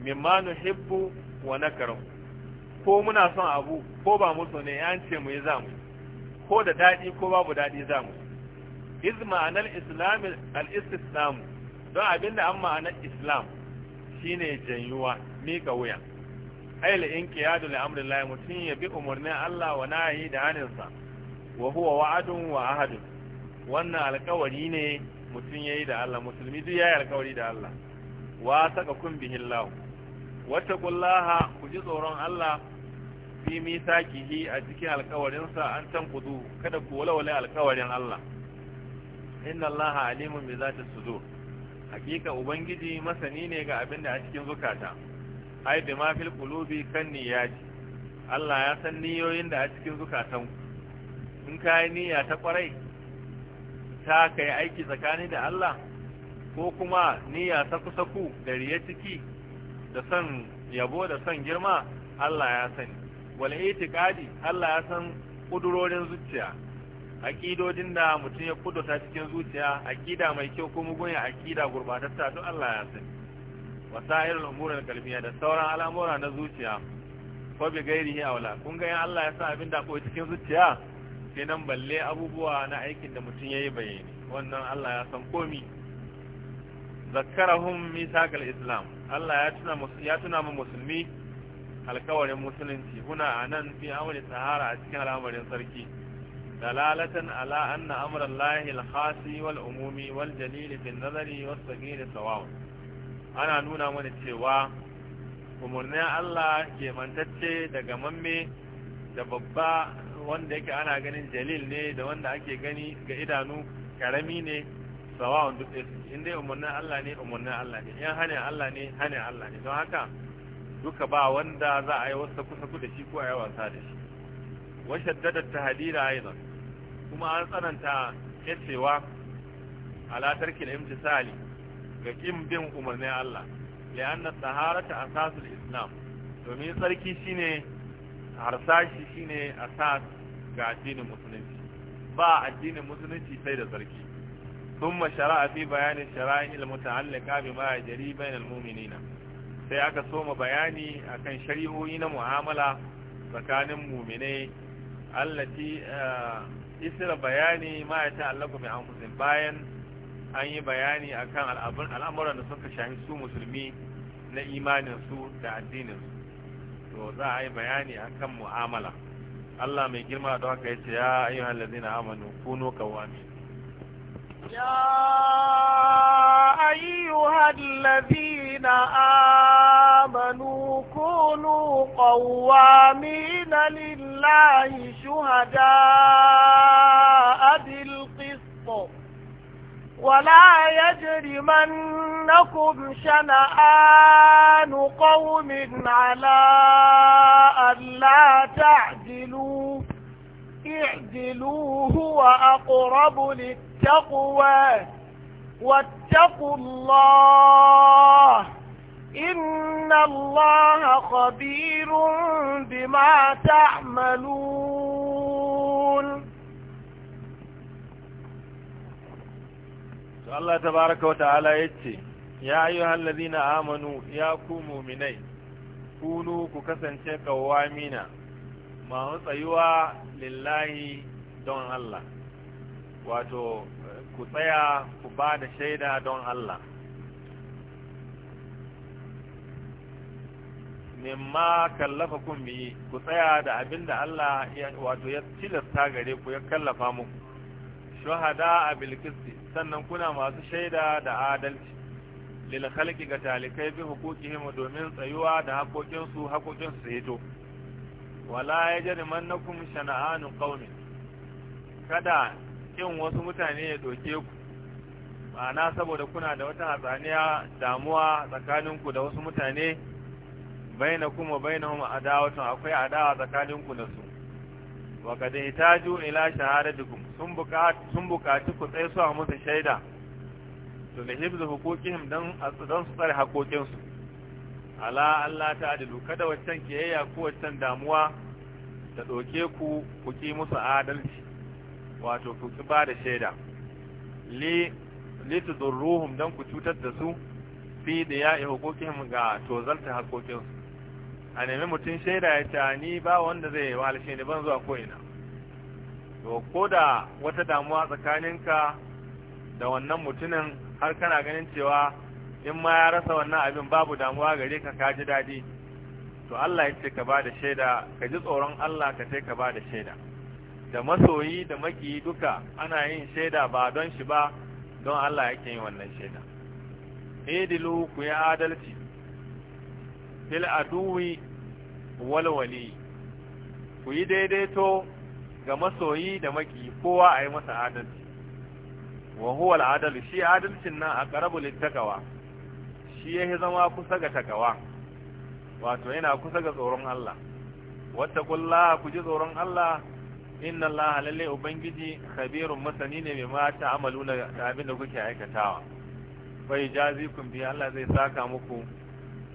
mimma nuhibbu wa nakaru ko muna son abu ko ba mu so ne an ce mu yi za mu ko da daɗi ko babu daɗi za mu iz ma'anar islam al-istislam don abinda an ma'anar islam shine janyuwa mika wuya ayyul inqiyadu li amri Allah mutun ya bi umarnin Allah wa nahi da haninsa wa wa'adun wannan alƙawari ne yayi da Allah musulmi duk yayi alƙawari da Allah wa kun bihi Allah wattaqullaha ku ji tsoron Allah fi misakihi a cikin alƙawarinsa an tankudu kada ku walawala alƙawarin Allah inna allaha alimun bi zati sudur hakika ubangiji masani ne ga abin da a cikin zukata ai bi ma fil qulubi kan niyyati Allah ya san niyoyin da a cikin zukatan in kai niyya ta kwarai ta kai aiki tsakani da Allah ko kuma niyya ta ku da riya ciki da san yabo da san girma Allah ya sani wal itiqadi Allah ya san kudurorin zuciya aƙidodin da mutum ya kudota cikin zuciya aƙida mai kyau ko mugun ya aƙida gurbatatta duk Allah ya san wasa'ir al-umur da sauran al'amura na zuciya ko bi gairihi aula kun ga Allah ya sa abin da ko cikin zuciya sai nan balle abubuwa na aikin da mutum yayi bayani wannan Allah ya san komi zakkarahum misaqal islam Allah ya tuna ya tuna mu musulmi alkawarin musulunci huna anan fi amri sahara a cikin al'amarin sarki dalalatan ala anna amran lahil khasi wal umumi wal jalili fil nazari was sagiri sawa'un ana nuna mana cewa umurnin Allah ke mantacce daga mamme da babba wanda yake ana ganin jalil ne da wanda ake gani ga idanu karami ne sawa'un duk ɗaya in dai umarnin Allah ne umarnin Allah ne in hanin Allah ne hanin Allah ne don haka duka ba wanda za a yi wasa kusa da shi ko a yi wasa da shi wa shaddada tahdira aidan kuma an tsananta yacewa ala tarkil imtisali ga kin bin umarnin Allah li'anna taharata asasul islam domin tsarki shine harsashi shine asas ga addinin musulunci ba addinin musulunci sai da tsarki ثم fi bayanin بيان muta'allaka bi ma jari bayan almuminina sai aka soma bayani akan shari'o'i na mu'amala tsakanin muminai allati eh, isra bayani ma ya ta'allaqu bi anfusihim bayan an yi bayani a kan al'amuran da suka shafi su musulmi na imaninsu da addinin su to za a yi bayani akan mu'amala Allah mai girma da haka ce ya ayyuhal ladina amanu kunu qawamin ya ayyuhal ladina الذين آمنوا كونوا قوامين لله شهداء بالقسط ولا يجرمنكم شنآن قوم على ألا تعدلوا اعدلوا هو أقرب للتقوى واتقوا الله إن الله خبير بما تعملون الله تبارك وتعالى يتي يا أيها الذين آمنوا يا كوموا مني كونوا كسن شيء قوامين ما هو سيوى لله دون الله واتو ku tsaya ku ba da shaida don Allah mimma kallafa kun biyi ku tsaya da abin da Allah wato ya tilasta gare ku ya kallafa mu shuhada a bilkisti sannan kuna masu shaida da adalci lil khalqi ga talikai bi hukukihim domin tsayuwa da hakokinsu hakokin su to wala yajrimannakum shana'anu qaumin kada kin wasu mutane ya doke ku ma'ana saboda kuna da wata hatsaniya damuwa tsakaninku da wasu mutane baina kuma baina hum adawatun akwai adawa tsakaninku da su wa kad hitaju ila shahadatikum sun buƙatu sun buƙaci ku tsaye su a musu shaida to da hibzu hukukihim dan dan su tsare hakokin ala Allah ta adilu kada waccan kiyayya ko waccan damuwa ta doke ku ku ki musu adalci wato ku ki ba da shaida li durruhum dan ku cutar da su fi da ya yi hukukihim ga tozalta hakokinsu a nemi mutum shaida ya ta ni ba wanda zai wahal ni ban zuwa ko'ina to ko da wata damuwa tsakaninka da wannan mutumin har kana ganin cewa in ma ya rasa wannan abin babu damuwa gare ka ka ji daɗi to Allah ya ce ka ba da shaida ka ji tsoron Allah ka ce ka ba da shaida da masoyi da makiyi duka ana yin shaida ba don shi ba don Allah yake yin wannan shaida idilu ku ya adalci fil aduwi wal ku yi daidaito ga masoyi da makiyi kowa a yi masa adalci wa huwa al shi adalcin nan a qarabu littakawa shi ya yi zama kusa ga takawa wato yana kusa ga tsoron Allah wattaqullaha ku ji tsoron Allah inna allaha lalle ubangiji khabirun masani ne mai mata amalu na abin da kuke aikatawa bai kun biya Allah zai saka muku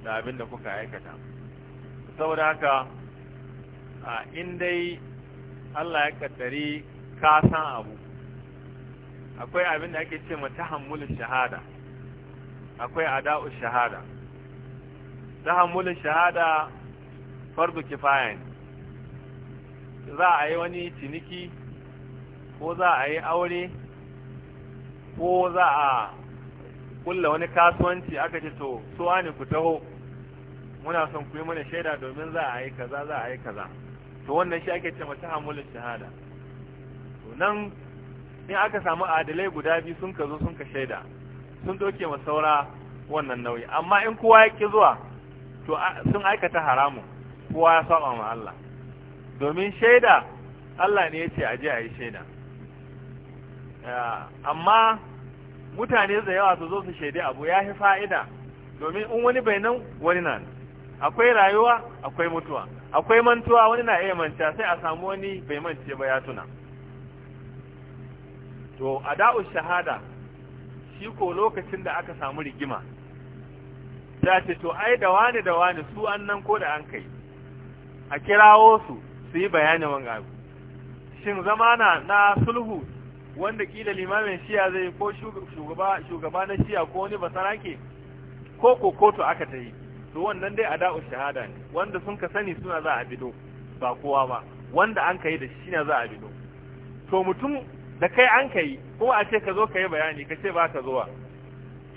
da abin da kuka aikata saboda haka a in dai Allah ya kaddari ka san abu akwai abin da ake ce ma tahammulin shahada akwai ada'u shahada tahammulin shahada fardu kifaya ne za a yi wani ciniki ko za a yi aure ko za a kulla wani kasuwanci aka ce to suwa ne ku taho muna son ku yi mana shaida domin za a yi kaza za a yi kaza to wannan shi ake ce mata hamulin shahada to nan in aka samu adalai guda biyu sun ka zo sun ka shaida sun doke ma saura wannan nauyi amma in kowa ya ki zuwa to sun aikata haramun kowa ya saba ma Allah domin shaida Allah ne ya ce a je a yi shaida amma mutane da yawa su zo su shaidi abu ya fi fa'ida domin in wani bai nan wani nan akwai rayuwa akwai mutuwa akwai mantuwa wani na iya manta sai a samu wani bai mance ba ya tuna to a da'u shahada shi ko lokacin da aka samu rigima za ce to ai da wani da wani su an nan ko da an kai a kirawo su su yi bayanin wanga abu shin zamana na sulhu wanda kila limamin shiya zai ko shugaba na shiya ko wani basarake ko ko kotu aka ta yi to wannan dai a da'u shahada ne wanda sun ka sani suna za a bido ba kowa ba wanda an ka yi da shi na za a bido to mutum da kai an ka yi kuma a ce ka zo ka yi bayani ka ce ba ka zuwa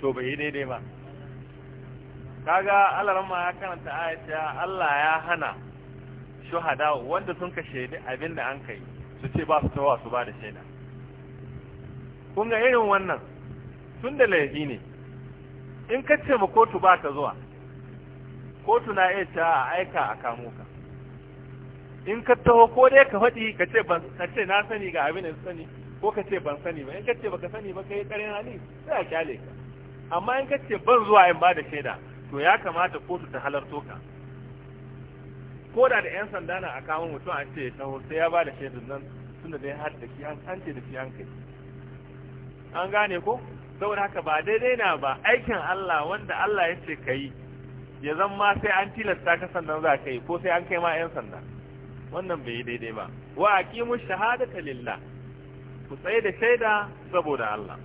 to bai yi daidai ba kaga Allah ya karanta ayata Allah ya hana shuhada wanda sun ka shaidi abin da an kai su ce ba su tawa su ba da shaida kun ga irin wannan tun da laifi ne in ka ce ma kotu ba ka zuwa kotu na iya ta a aika a kamo ka in ka taho ko dai ka faɗi ka ce ban ka ce na sani ga abin da sani ko ka ce ban sani ba in ka ce baka sani ba kai ƙarin hali sai a kyale ka amma in ka ce ban zuwa in ba da shaida to ya kamata kotu ta halarto ka ko da da yan sanda na a kawo mutum an ce ya taho sai ya ba da shaidun nan tunda dai har da an ce da shi an kai an gane ko saboda haka ba daidai na ba aikin Allah wanda Allah ya ce kai ya zan ma sai an tilasta ka sandan za ka yi ko sai an kai ma yan sanda wannan bai yi daidai ba wa aqimu shahadata lillah ku tsaye da shaida saboda Allah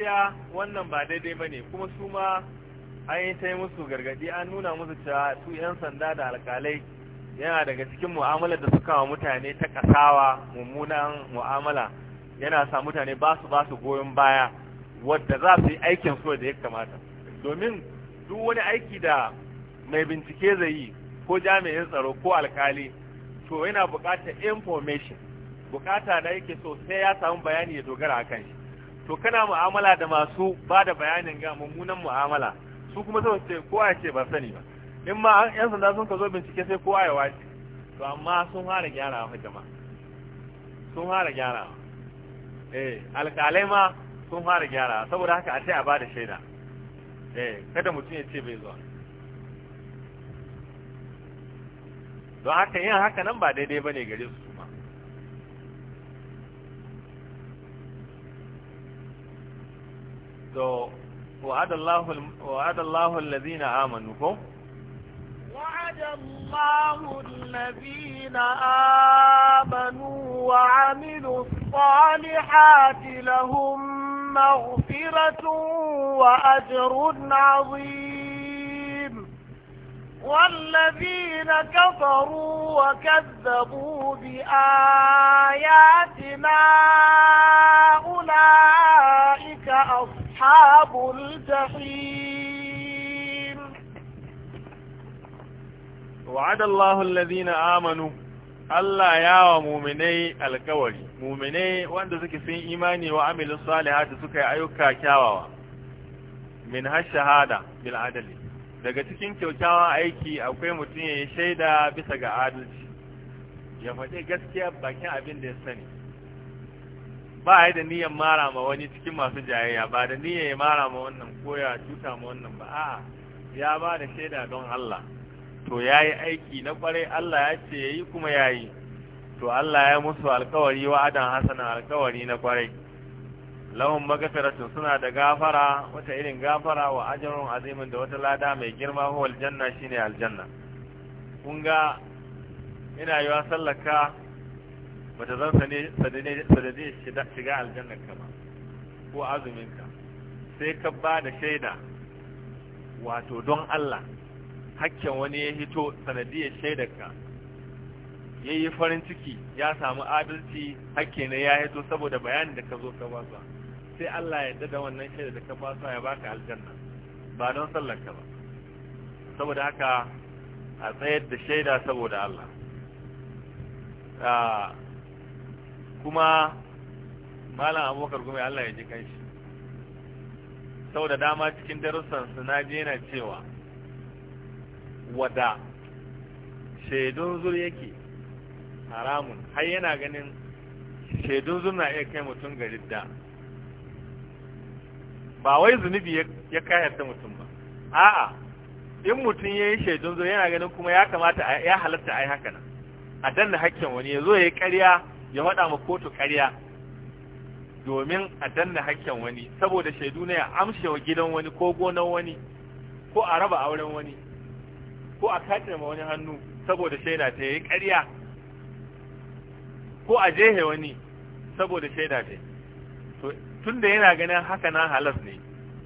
gaskiya wannan ba daidai ba ne kuma su ma an yi ta yi musu gargaɗi an nuna musu cewa su 'yan sanda da alkalai yana daga cikin mu'amalar da suka wa mutane ta kasawa mummunan mu'amala yana sa mutane ba su ba su goyon baya wadda za su yi aikin su da ya kamata domin duk wani aiki da mai bincike zai yi ko jami'in tsaro ko alkali to yana buƙatar information bukata da yake so sai ya samu bayani ya dogara a kan shi to kana mu'amala da masu ba da bayanin ga mummunan mu'amala su kuma sai ce ko ya ce ba sani ba in ma an yan sanda sun ka zo bincike sai ko ya wace to amma sun fara gyarawa wa jama'a sun fara gyarawa eh alƙalai ma sun fara gyarawa saboda haka a ce a bada shaida eh kada mutum ya ce bai zuwa don haka yin haka nan ba daidai bane gare su وعد الله وعد الله الذين آمنوا ko وعد الله الذين آمنوا وعملوا الصالحات لهم مغفرة وأجر عظيم والذين كفروا وكذبوا بآياتنا أولئك أصحاب أصحاب الجحيم وعد الله الذين آمنوا Allah ya wa muminai alkawari muminai wanda suke sun imani wa amilin salihati suka yi ayyuka kyawawa min hashahada bil adali daga cikin kyaukyawan aiki akwai mutum ya yi shaida bisa ga adalci ya faɗi gaskiya bakin abin da ya sani ba yi da niyan mara ma wani cikin masu jayayya ba da niyan ya mara ma wannan ko cuta ma wannan ba a'a ya ba da shaida don Allah to ya yi aiki na kwarai Allah ya ce ya yi kuma ya yi to Allah ya musu alkawari wa adan hasana alkawari na kwarai lahun magasaratu suna da gafara wata irin gafara wa ajarun azimin da wata lada mai girma huwa aljanna shine aljanna Kunga! ga ina yiwa sallaka ba zan sanadiyar shiga aljannar ka ba ko azuminka sai ka ba da shaida wato don Allah hakken wani ya hito sanadiyar shaidarka ya yi farin ciki ya samu adalci hakke ne ya hito saboda bayanin da ka zo ka ba sai Allah ya dada wannan shaida da ka ba ya baka aljanna ba don sallarka ba saboda haka a tsayar da shaida saboda Allah ah, kuma malam abokar gumi Allah ya ji kai shi sau da dama cikin darussansu na je yana cewa wada shaidun zur yake haramun har yana ganin shaidun zur na iya kai mutum gari da. ba wai zunubi ya kayar da mutum ba a'a in mutum ya yi shaidun zur yana ganin kuma ya kamata ya halatta ai haka nan a danna hakkin wani ya zo ya yi karya ya faɗa ma kotu ƙarya domin a danna hakkin wani saboda shaidu ne ya amshe wa gidan wani ko gonan wani ko a raba auren wani ko a kace ma wani hannu saboda shaida ta yi ƙarya ko a jehe wani saboda shaida ta to tunda yana ganin haka na halas ne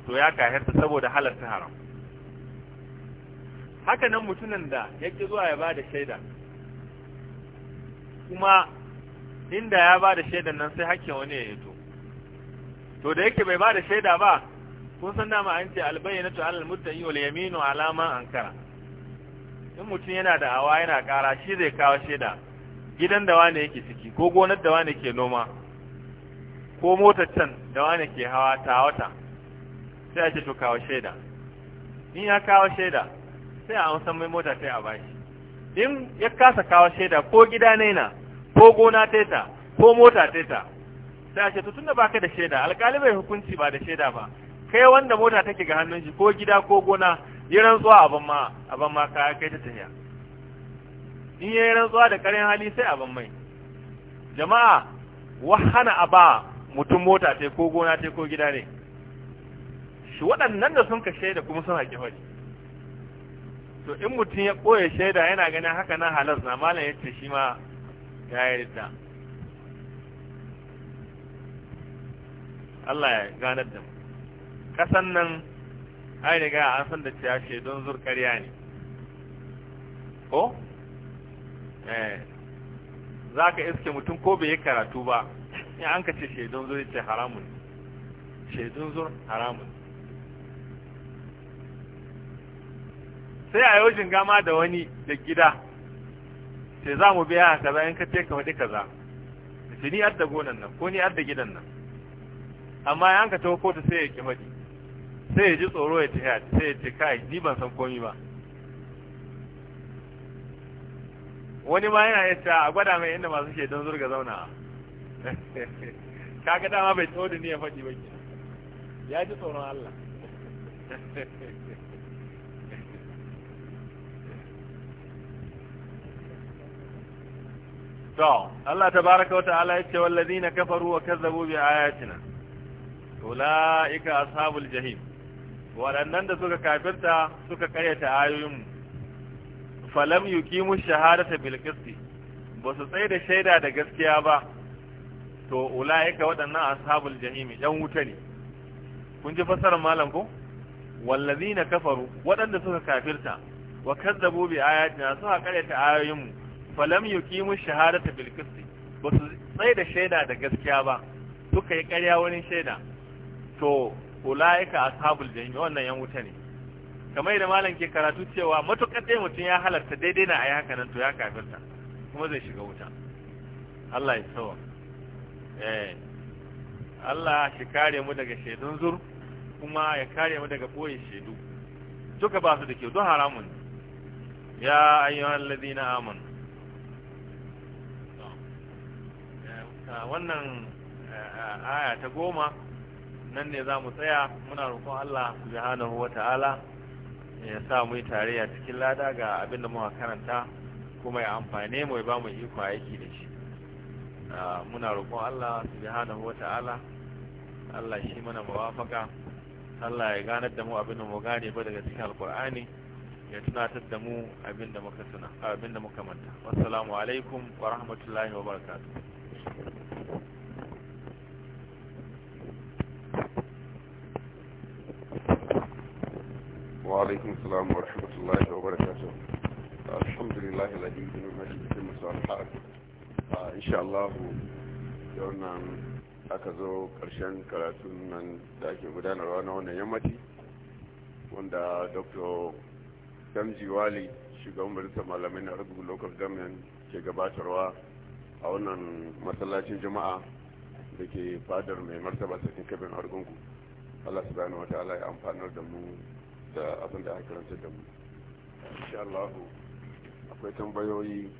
to ya kahirta saboda halas ta haram haka nan mutunan da yake zuwa ya bada shaida kuma inda ya ba da shaidan nan sai hakkin wani ya hito to da yake bai ba da shaida ba kun san dama an ce albayyanatu alal muttaqi wal yaminu ala man ankara in mutum yana da awa yana kara shi zai kawo shaida gidan da wani yake ciki ko gonar da wani ke noma ko motar can da wani ke hawa ta wata sai a ce to kawo shaida in ya kawo shaida sai a amsan mai mota sai a bashi in ya kasa kawo shaida ko gida ne na ko gona teta ko mota teta sai a ce to tunda baka da shaida alkali bai hukunci ba da shaida ba kai wanda mota take ga hannun shi ko gida ko gona yi rantsuwa a ban ma a ban ma kaya kai ta tafiya in yi rantsuwa da ƙarin hali sai a ban mai jama'a wahana a ba mutum mota ce ko gona ce ko gida ne shi waɗannan da sun ka shaida kuma sun haƙi hori. to in mutum ya ɓoye shaida yana ganin haka na halar na malam ya ce shi ma ta yarda Allah ya ganar da mu kasan nan ai riga an san da cewa shaidun zur ƙarya ne ko eh za ka iske mutum ko bai yi karatu ba in an ka ce shaidun zur ce haramun shaidun zur haramun sai a yau jingama da wani da gida sai za mu biya kaza in ka ce ka za da ce ni adda gonan nan ko ni adda gidan nan amma ya hanka tawo kotu sai ya kimaji faɗi sai ya ji tsoro ya tafiya sai ya ce kai ni ban san komi ba wani ma yana yadda a gwada mai inda masu ke don zurga zauna kaka dama bai tsoro ni ya faɗi ba ya ji tsoron Allah to Allah tabaraka wata'ala yace wallazina kafaru wa kazzabu bi ayatina ulaika ashabul jahim waɗannan da suka kafirta suka karyata ayoyinmu falam yuqimu shahadata bil qisti ba su tsaye da shaida da gaskiya ba to ulaika waɗannan ashabul jahim yan wuta ne kun ji fasarar malam ko wallazina kafaru waɗanda suka kafirta wa kazzabu bi ayatina suka karyata ayoyinmu falam yuqimu shahadata bil qisti ba su tsaye da shaida da gaskiya ba suka yi ƙarya wurin shaida to ulaika ashabul jahim wannan yan wuta ne kamar da malam ke karatu cewa matukar dai mutum ya halarta daidai na ayi haka nan to ya kafirta kuma zai shiga wuta Allah ya tsawa eh Allah shi kare mu daga shaidun zur kuma ya kare mu daga boye shaidu duka ba su da kyau don haramun ya ayyuhal ladina amanu wannan aya ta goma nan ne za mu tsaya muna roƙon Allah subhanahu wa ta'ala ya sa mu yi tarayya cikin lada ga abin da muka karanta kuma ya amfane mu ba mu iko aiki da shi muna roƙon Allah subhanahu wa ta'ala Allah shi mana muwafaka Allah ya ganar da mu abin da mu gane ba daga cikin alkur'ani ya tunatar da mu abin da muka abin da muka manta wassalamu alaikum wa rahmatullahi wa barakatuh وعليكم السلام ورحمة الله وبركاته الحمد لله الذي بنعمته تتم الصالحات إن شاء الله يومنا aka zo ƙarshen karatun nan da ake gudanarwa na wannan yammaci wanda dr damji wali shugaban majalisar malamai na rugby local government ke gabatarwa a wannan masallacin jama'a da ke fadar mai martaba cikin kabin argungu allah subhanahu wa ta'ala ya amfanar da mu da abin da aka karanta da mu insha Allah akwai tambayoyi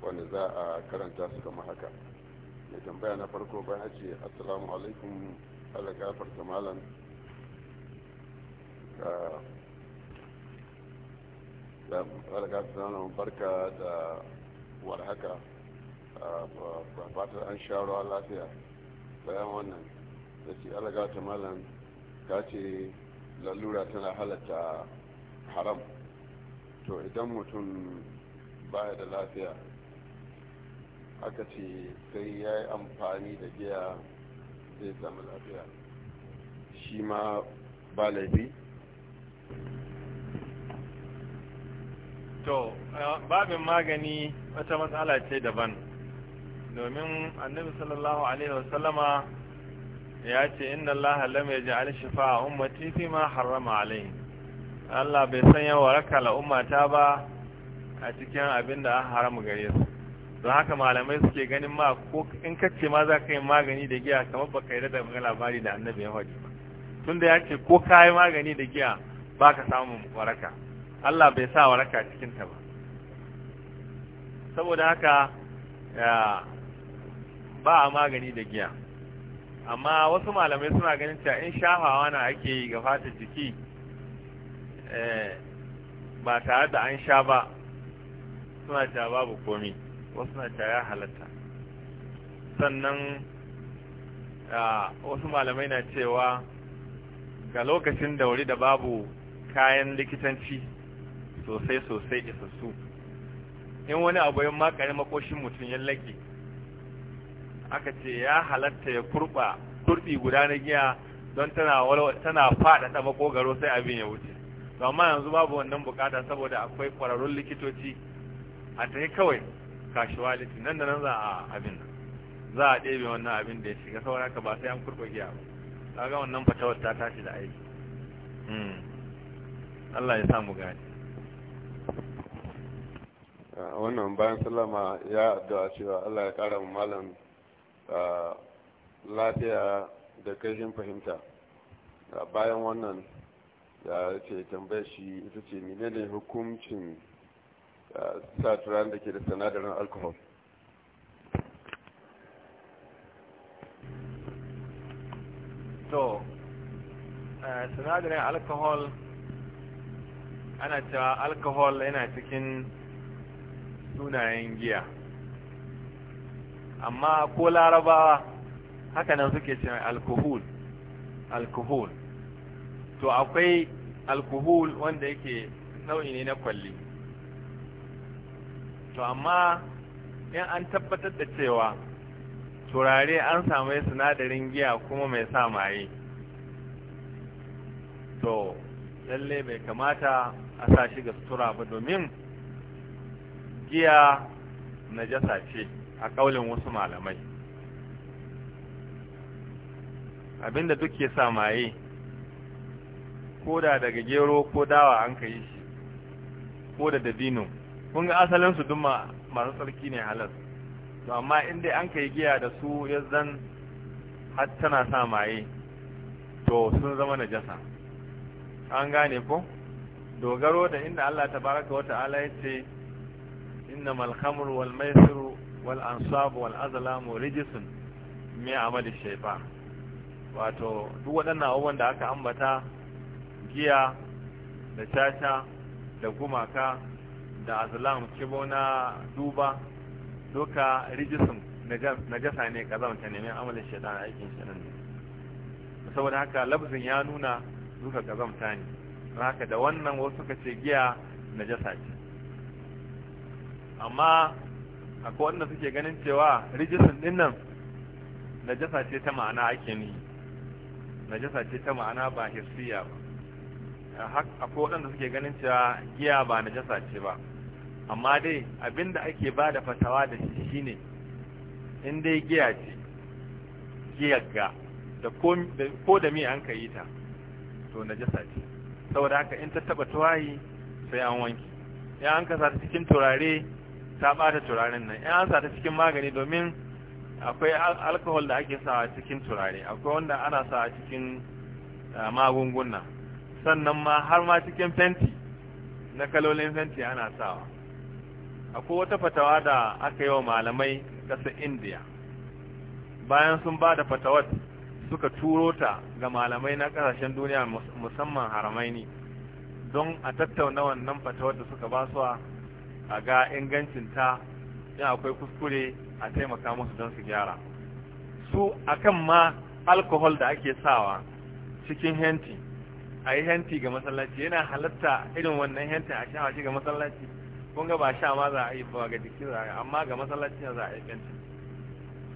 wanda za a karanta su kamar haka mai tambaya na farko bai ce assalamu alaikum allah gafarta malam barka da warhaka haka a an sha ruwa lafiya bayan wannan da ke alaga ta malam ta ce lalura tana halatta haram to idan mutum baya da lafiya aka ce sai ya yi amfani da giya zai samu lafiya shi ma ba laifi to babin magani wata matsala ce daban domin annabi sallallahu alaihi sallama ya ce inna allaha lam yaj'al shifa'a ummati fi ma harrama alaihi Allah bai sanya waraka la ummata ba a cikin abin da an haramu gare su don haka malamai suke ganin ma ko in kace ma za ka yi magani da giya kamar baka yi da labari da annabi ya faɗi ba tunda ya ce ko ka yi magani da giya ba ka samun waraka Allah bai sa waraka cikinta ba saboda haka ba a magani da giya amma wasu malamai suna ganin cewa in shafawa na ake yi ga fatar jiki eh, ba tare da an sha ba suna cewa babu komi wasu na cewa ya halatta sannan wasu malamai na cewa ga lokacin da wuri da babu kayan likitanci sosai-sosai isassu in wani abu yin makarin makoshin mutum ya lake aka ce ya halatta ya kurba turbi guda na giya don tana tana faɗaɗa makogaro sai abin ya wuce to amma yanzu babu wannan bukata saboda akwai kwararrun likitoci a ta kawai kashiwaliti nan da nan za a abin za a ɗebe wannan abin da ya shiga saboda haka ba sai an kurba giya ba kaga wannan fatawar ta tashi da aiki hmm. Allah ya samu gani wannan bayan sallama ya addu'a cewa Allah ya kara mu malam lafiya da ƙarfin fahimta bayan wannan ya ce tambayar shi ita ce menene hukuncin saturan da ke da sinadarin alkohol So sinadarin alkohol ana cewa alkohol yana cikin sunayen giya amma ko larabawa haka nan suke ce alkohol alkohol to akwai alkohol wanda yake nau'i ne na kwalli to amma in an tabbatar da cewa turare an samu sinadarin giya kuma mai sa maye to lalle bai kamata a sa shi ga sutura ba domin giya najasa ce a ƙaulin wasu malamai abinda duk ke sa maye ko da daga gero ko dawa an ka yi shi ko da dabino kun ga asalinsu duk masu tsarki ne halas to amma inda an ka yi giya da su ya zan har tana sa maye to sun zama na jasa. an gane ko dogaro da inda Allah tabaraka wa ta'ala ya ce innamal khamru wal wal ansab wal من عمل الشيطان wato duk waɗannan abubuwan da aka ambata giya da caca da gumaka da azlam kibo na duba duka rijisun najasa ne kazamta ne min amalin shaitan aikin shi nan saboda haka labzin ya nuna duka kazamta ne don haka da wannan wasu suka ce giya najasa ce amma akwai wanda suke ganin cewa rijisun din nan najasa ce ta ma'ana ake ni najasa ce ta ma'ana ba hirsiya ba akwai waɗanda suke ganin cewa giya ba najasa ce ba amma dai abinda ake ba da fatawa da shi shine in dai giya ce giyagga da ko da me an ka yi ta to najasa ce saboda haka in ta taba tuwayi sai an wanki ya an kasa cikin turare ta bata turaren nan in an sa ta cikin magani domin akwai alkohol da ake sa cikin turare akwai wanda ana sa cikin ah, magunguna sannan ma har ma cikin fenti na kalolin fenti ana sawa akwai wata fatawa da aka yi wa malamai ƙasar indiya bayan sun ba da fatawar suka turo ta ga malamai na ƙasashen duniya musamman haramaini don a tattauna wannan fatawar da suka basuwa a ga ingancinta in akwai kuskure a taimaka musu don su gyara su akan ma alkohol da ake sawa cikin henti a yi henti ga masallaci yana halatta irin wannan henti a sha shi ga masallaci kun ga ba sha ma za a yi ba ga jiki za a yi amma ga masallaci za a yi henti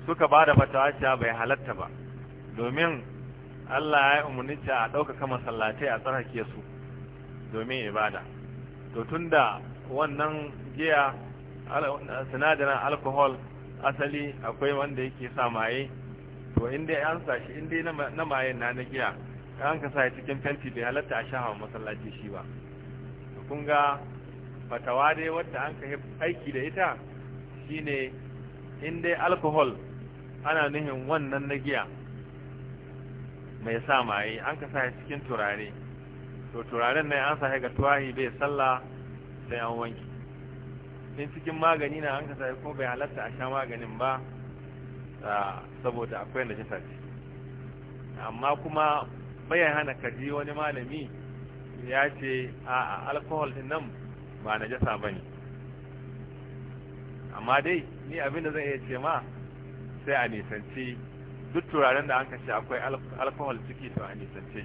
suka ba da fatawa cewa bai halatta ba domin Allah ya umarni a ɗaukaka masallatai a tsarkake su domin ibada to tunda wannan giya sinadarin alkohol asali akwai wanda yake sa maye to inda an sa shi inda na maye na na giya an ka sa cikin fenti bai halatta a shahawa masallaci shi ba kun ga fatawa dai wadda an ka aiki da ita shine in dai alkohol ana nuhin wannan na giya mai sa maye an ka sa cikin turare to turaren nan an sa ga tuwahi bai sallah sai an wanki in cikin magani na an kasa ko bai halatta a sha maganin ba saboda akwai da jisa ce amma kuma bayan hana kaji wani malami ya ce a alkohol din nan ba na jasa ba ne amma dai ni abinda zan iya ce ma sai a nisanci duk turaren da an kashe akwai alkohol ciki to a nisance shi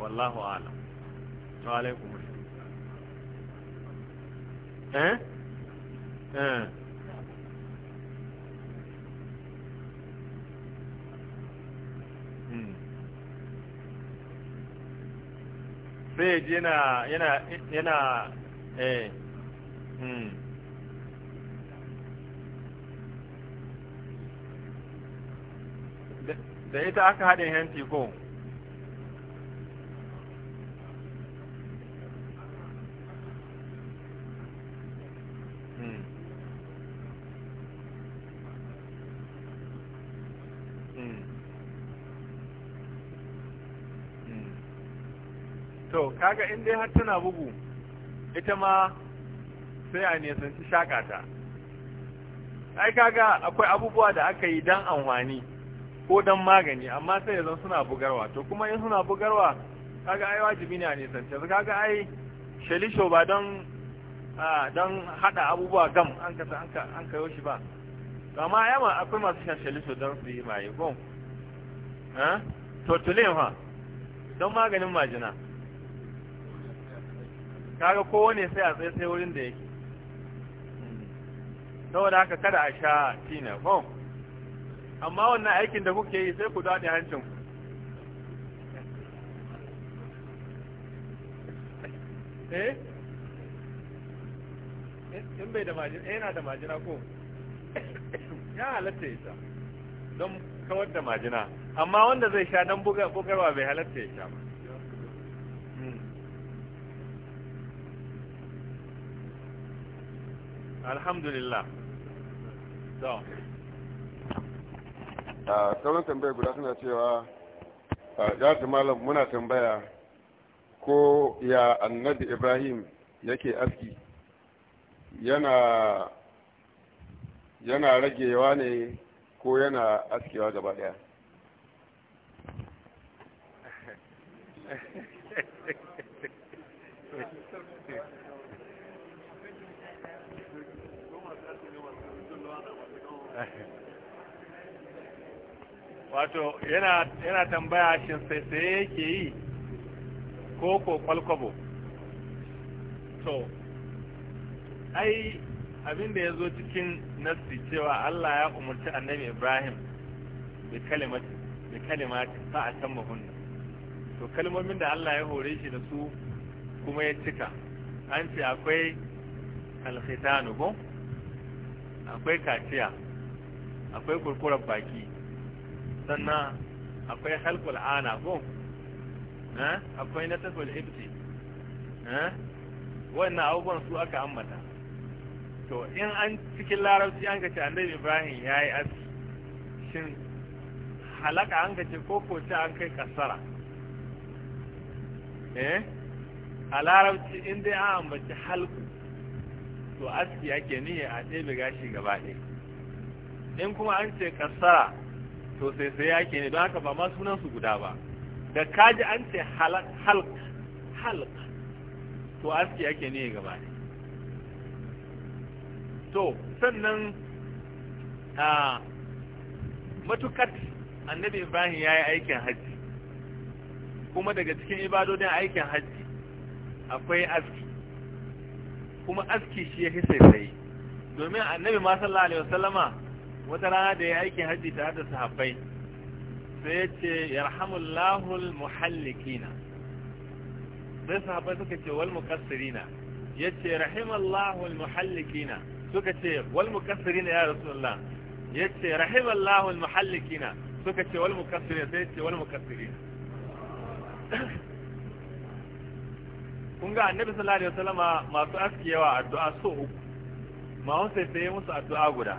wallahu alam wa alaikum eh sai hmm. yana yana yana eh hmm. da ita aka haɗin hanci ko kaga in dai har tana bugu ita ma sai a nesanci shakata ai kaga akwai abubuwa da aka yi dan amfani ko dan magani amma sai yanzu suna bugarwa to kuma in suna bugarwa kaga ai wajibi ne a nesanci. yanzu kaga ai shalisho ba don don hada abubuwa gam an ka an kayo shi ba amma yamma akwai masu shan shalisho don su yi maye gom eh? to tulin fa don maganin majina kaga kowane sai a tsaye sai wurin da yake saboda haka kada a sha tina ko amma wannan aikin da kuke yi sai ku dade hancin ku eh? eh in bai da majina eh, yana da majina ko ya halatta ya sha don kawar da majina amma wanda zai sha don bugarwa bai halatta ya sha ba alhamdulillah to a sauran tambayar guda suna cewa a ta malam muna tambaya ko ya annabi ibrahim yake aski yana yana ragewa ne ko yana askewa gaba daya wato yana tambaya shin sai sai yake yi ko ko kwalkwabo to ai abin da ya zo cikin nasi cewa Allah ya umarci annabi Ibrahim bi kalimati bi kalimati fa atamma to kalmomin da Allah ya hore shi da su kuma ya cika an ce akwai alkhitanu ko akwai kaciya akwai kurkurar baki sannan akwai halkul ana ko akwai na tafil ibti wannan abubuwan su aka ambata to in an cikin larabci an gace annabi ibrahim ya yi aski shin halaka an gace ko ko ce an kai kasara eh a larabci in dai an ambaci halku to aski ake niyya a ɗebe gashi gaba ɗaya in kuma an ce kasara to sai sai yake ne don haka ba ma sunan su guda ba da kaji an ce halak halak to aski yake ne gaba ne to sannan a matukat annabi ibrahim ya yi aikin hajji kuma daga cikin ibadodin aikin hajji akwai aski kuma aski shi ya fi sai domin annabi ma sallallahu alaihi wasallama wata rana da ya aikin haji tare da sahabbai sai ya ce yarhamullahu muhallikina sai sahabbai suka ce wal muqassirina yace rahimallahu muhallikina suka ce wal muqassirina ya rasulullah yace rahimallahu muhallikina suka ce wal muqassirina sai ce wal muqassirina kun ga annabi sallallahu alaihi wasallama masu askiyawa addu'a so uku ma sai sai musu addu'a guda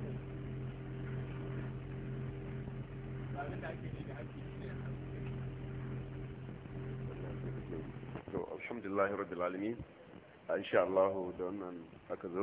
alhamdulillahi rabbil alamin insha Allah da wannan aka zo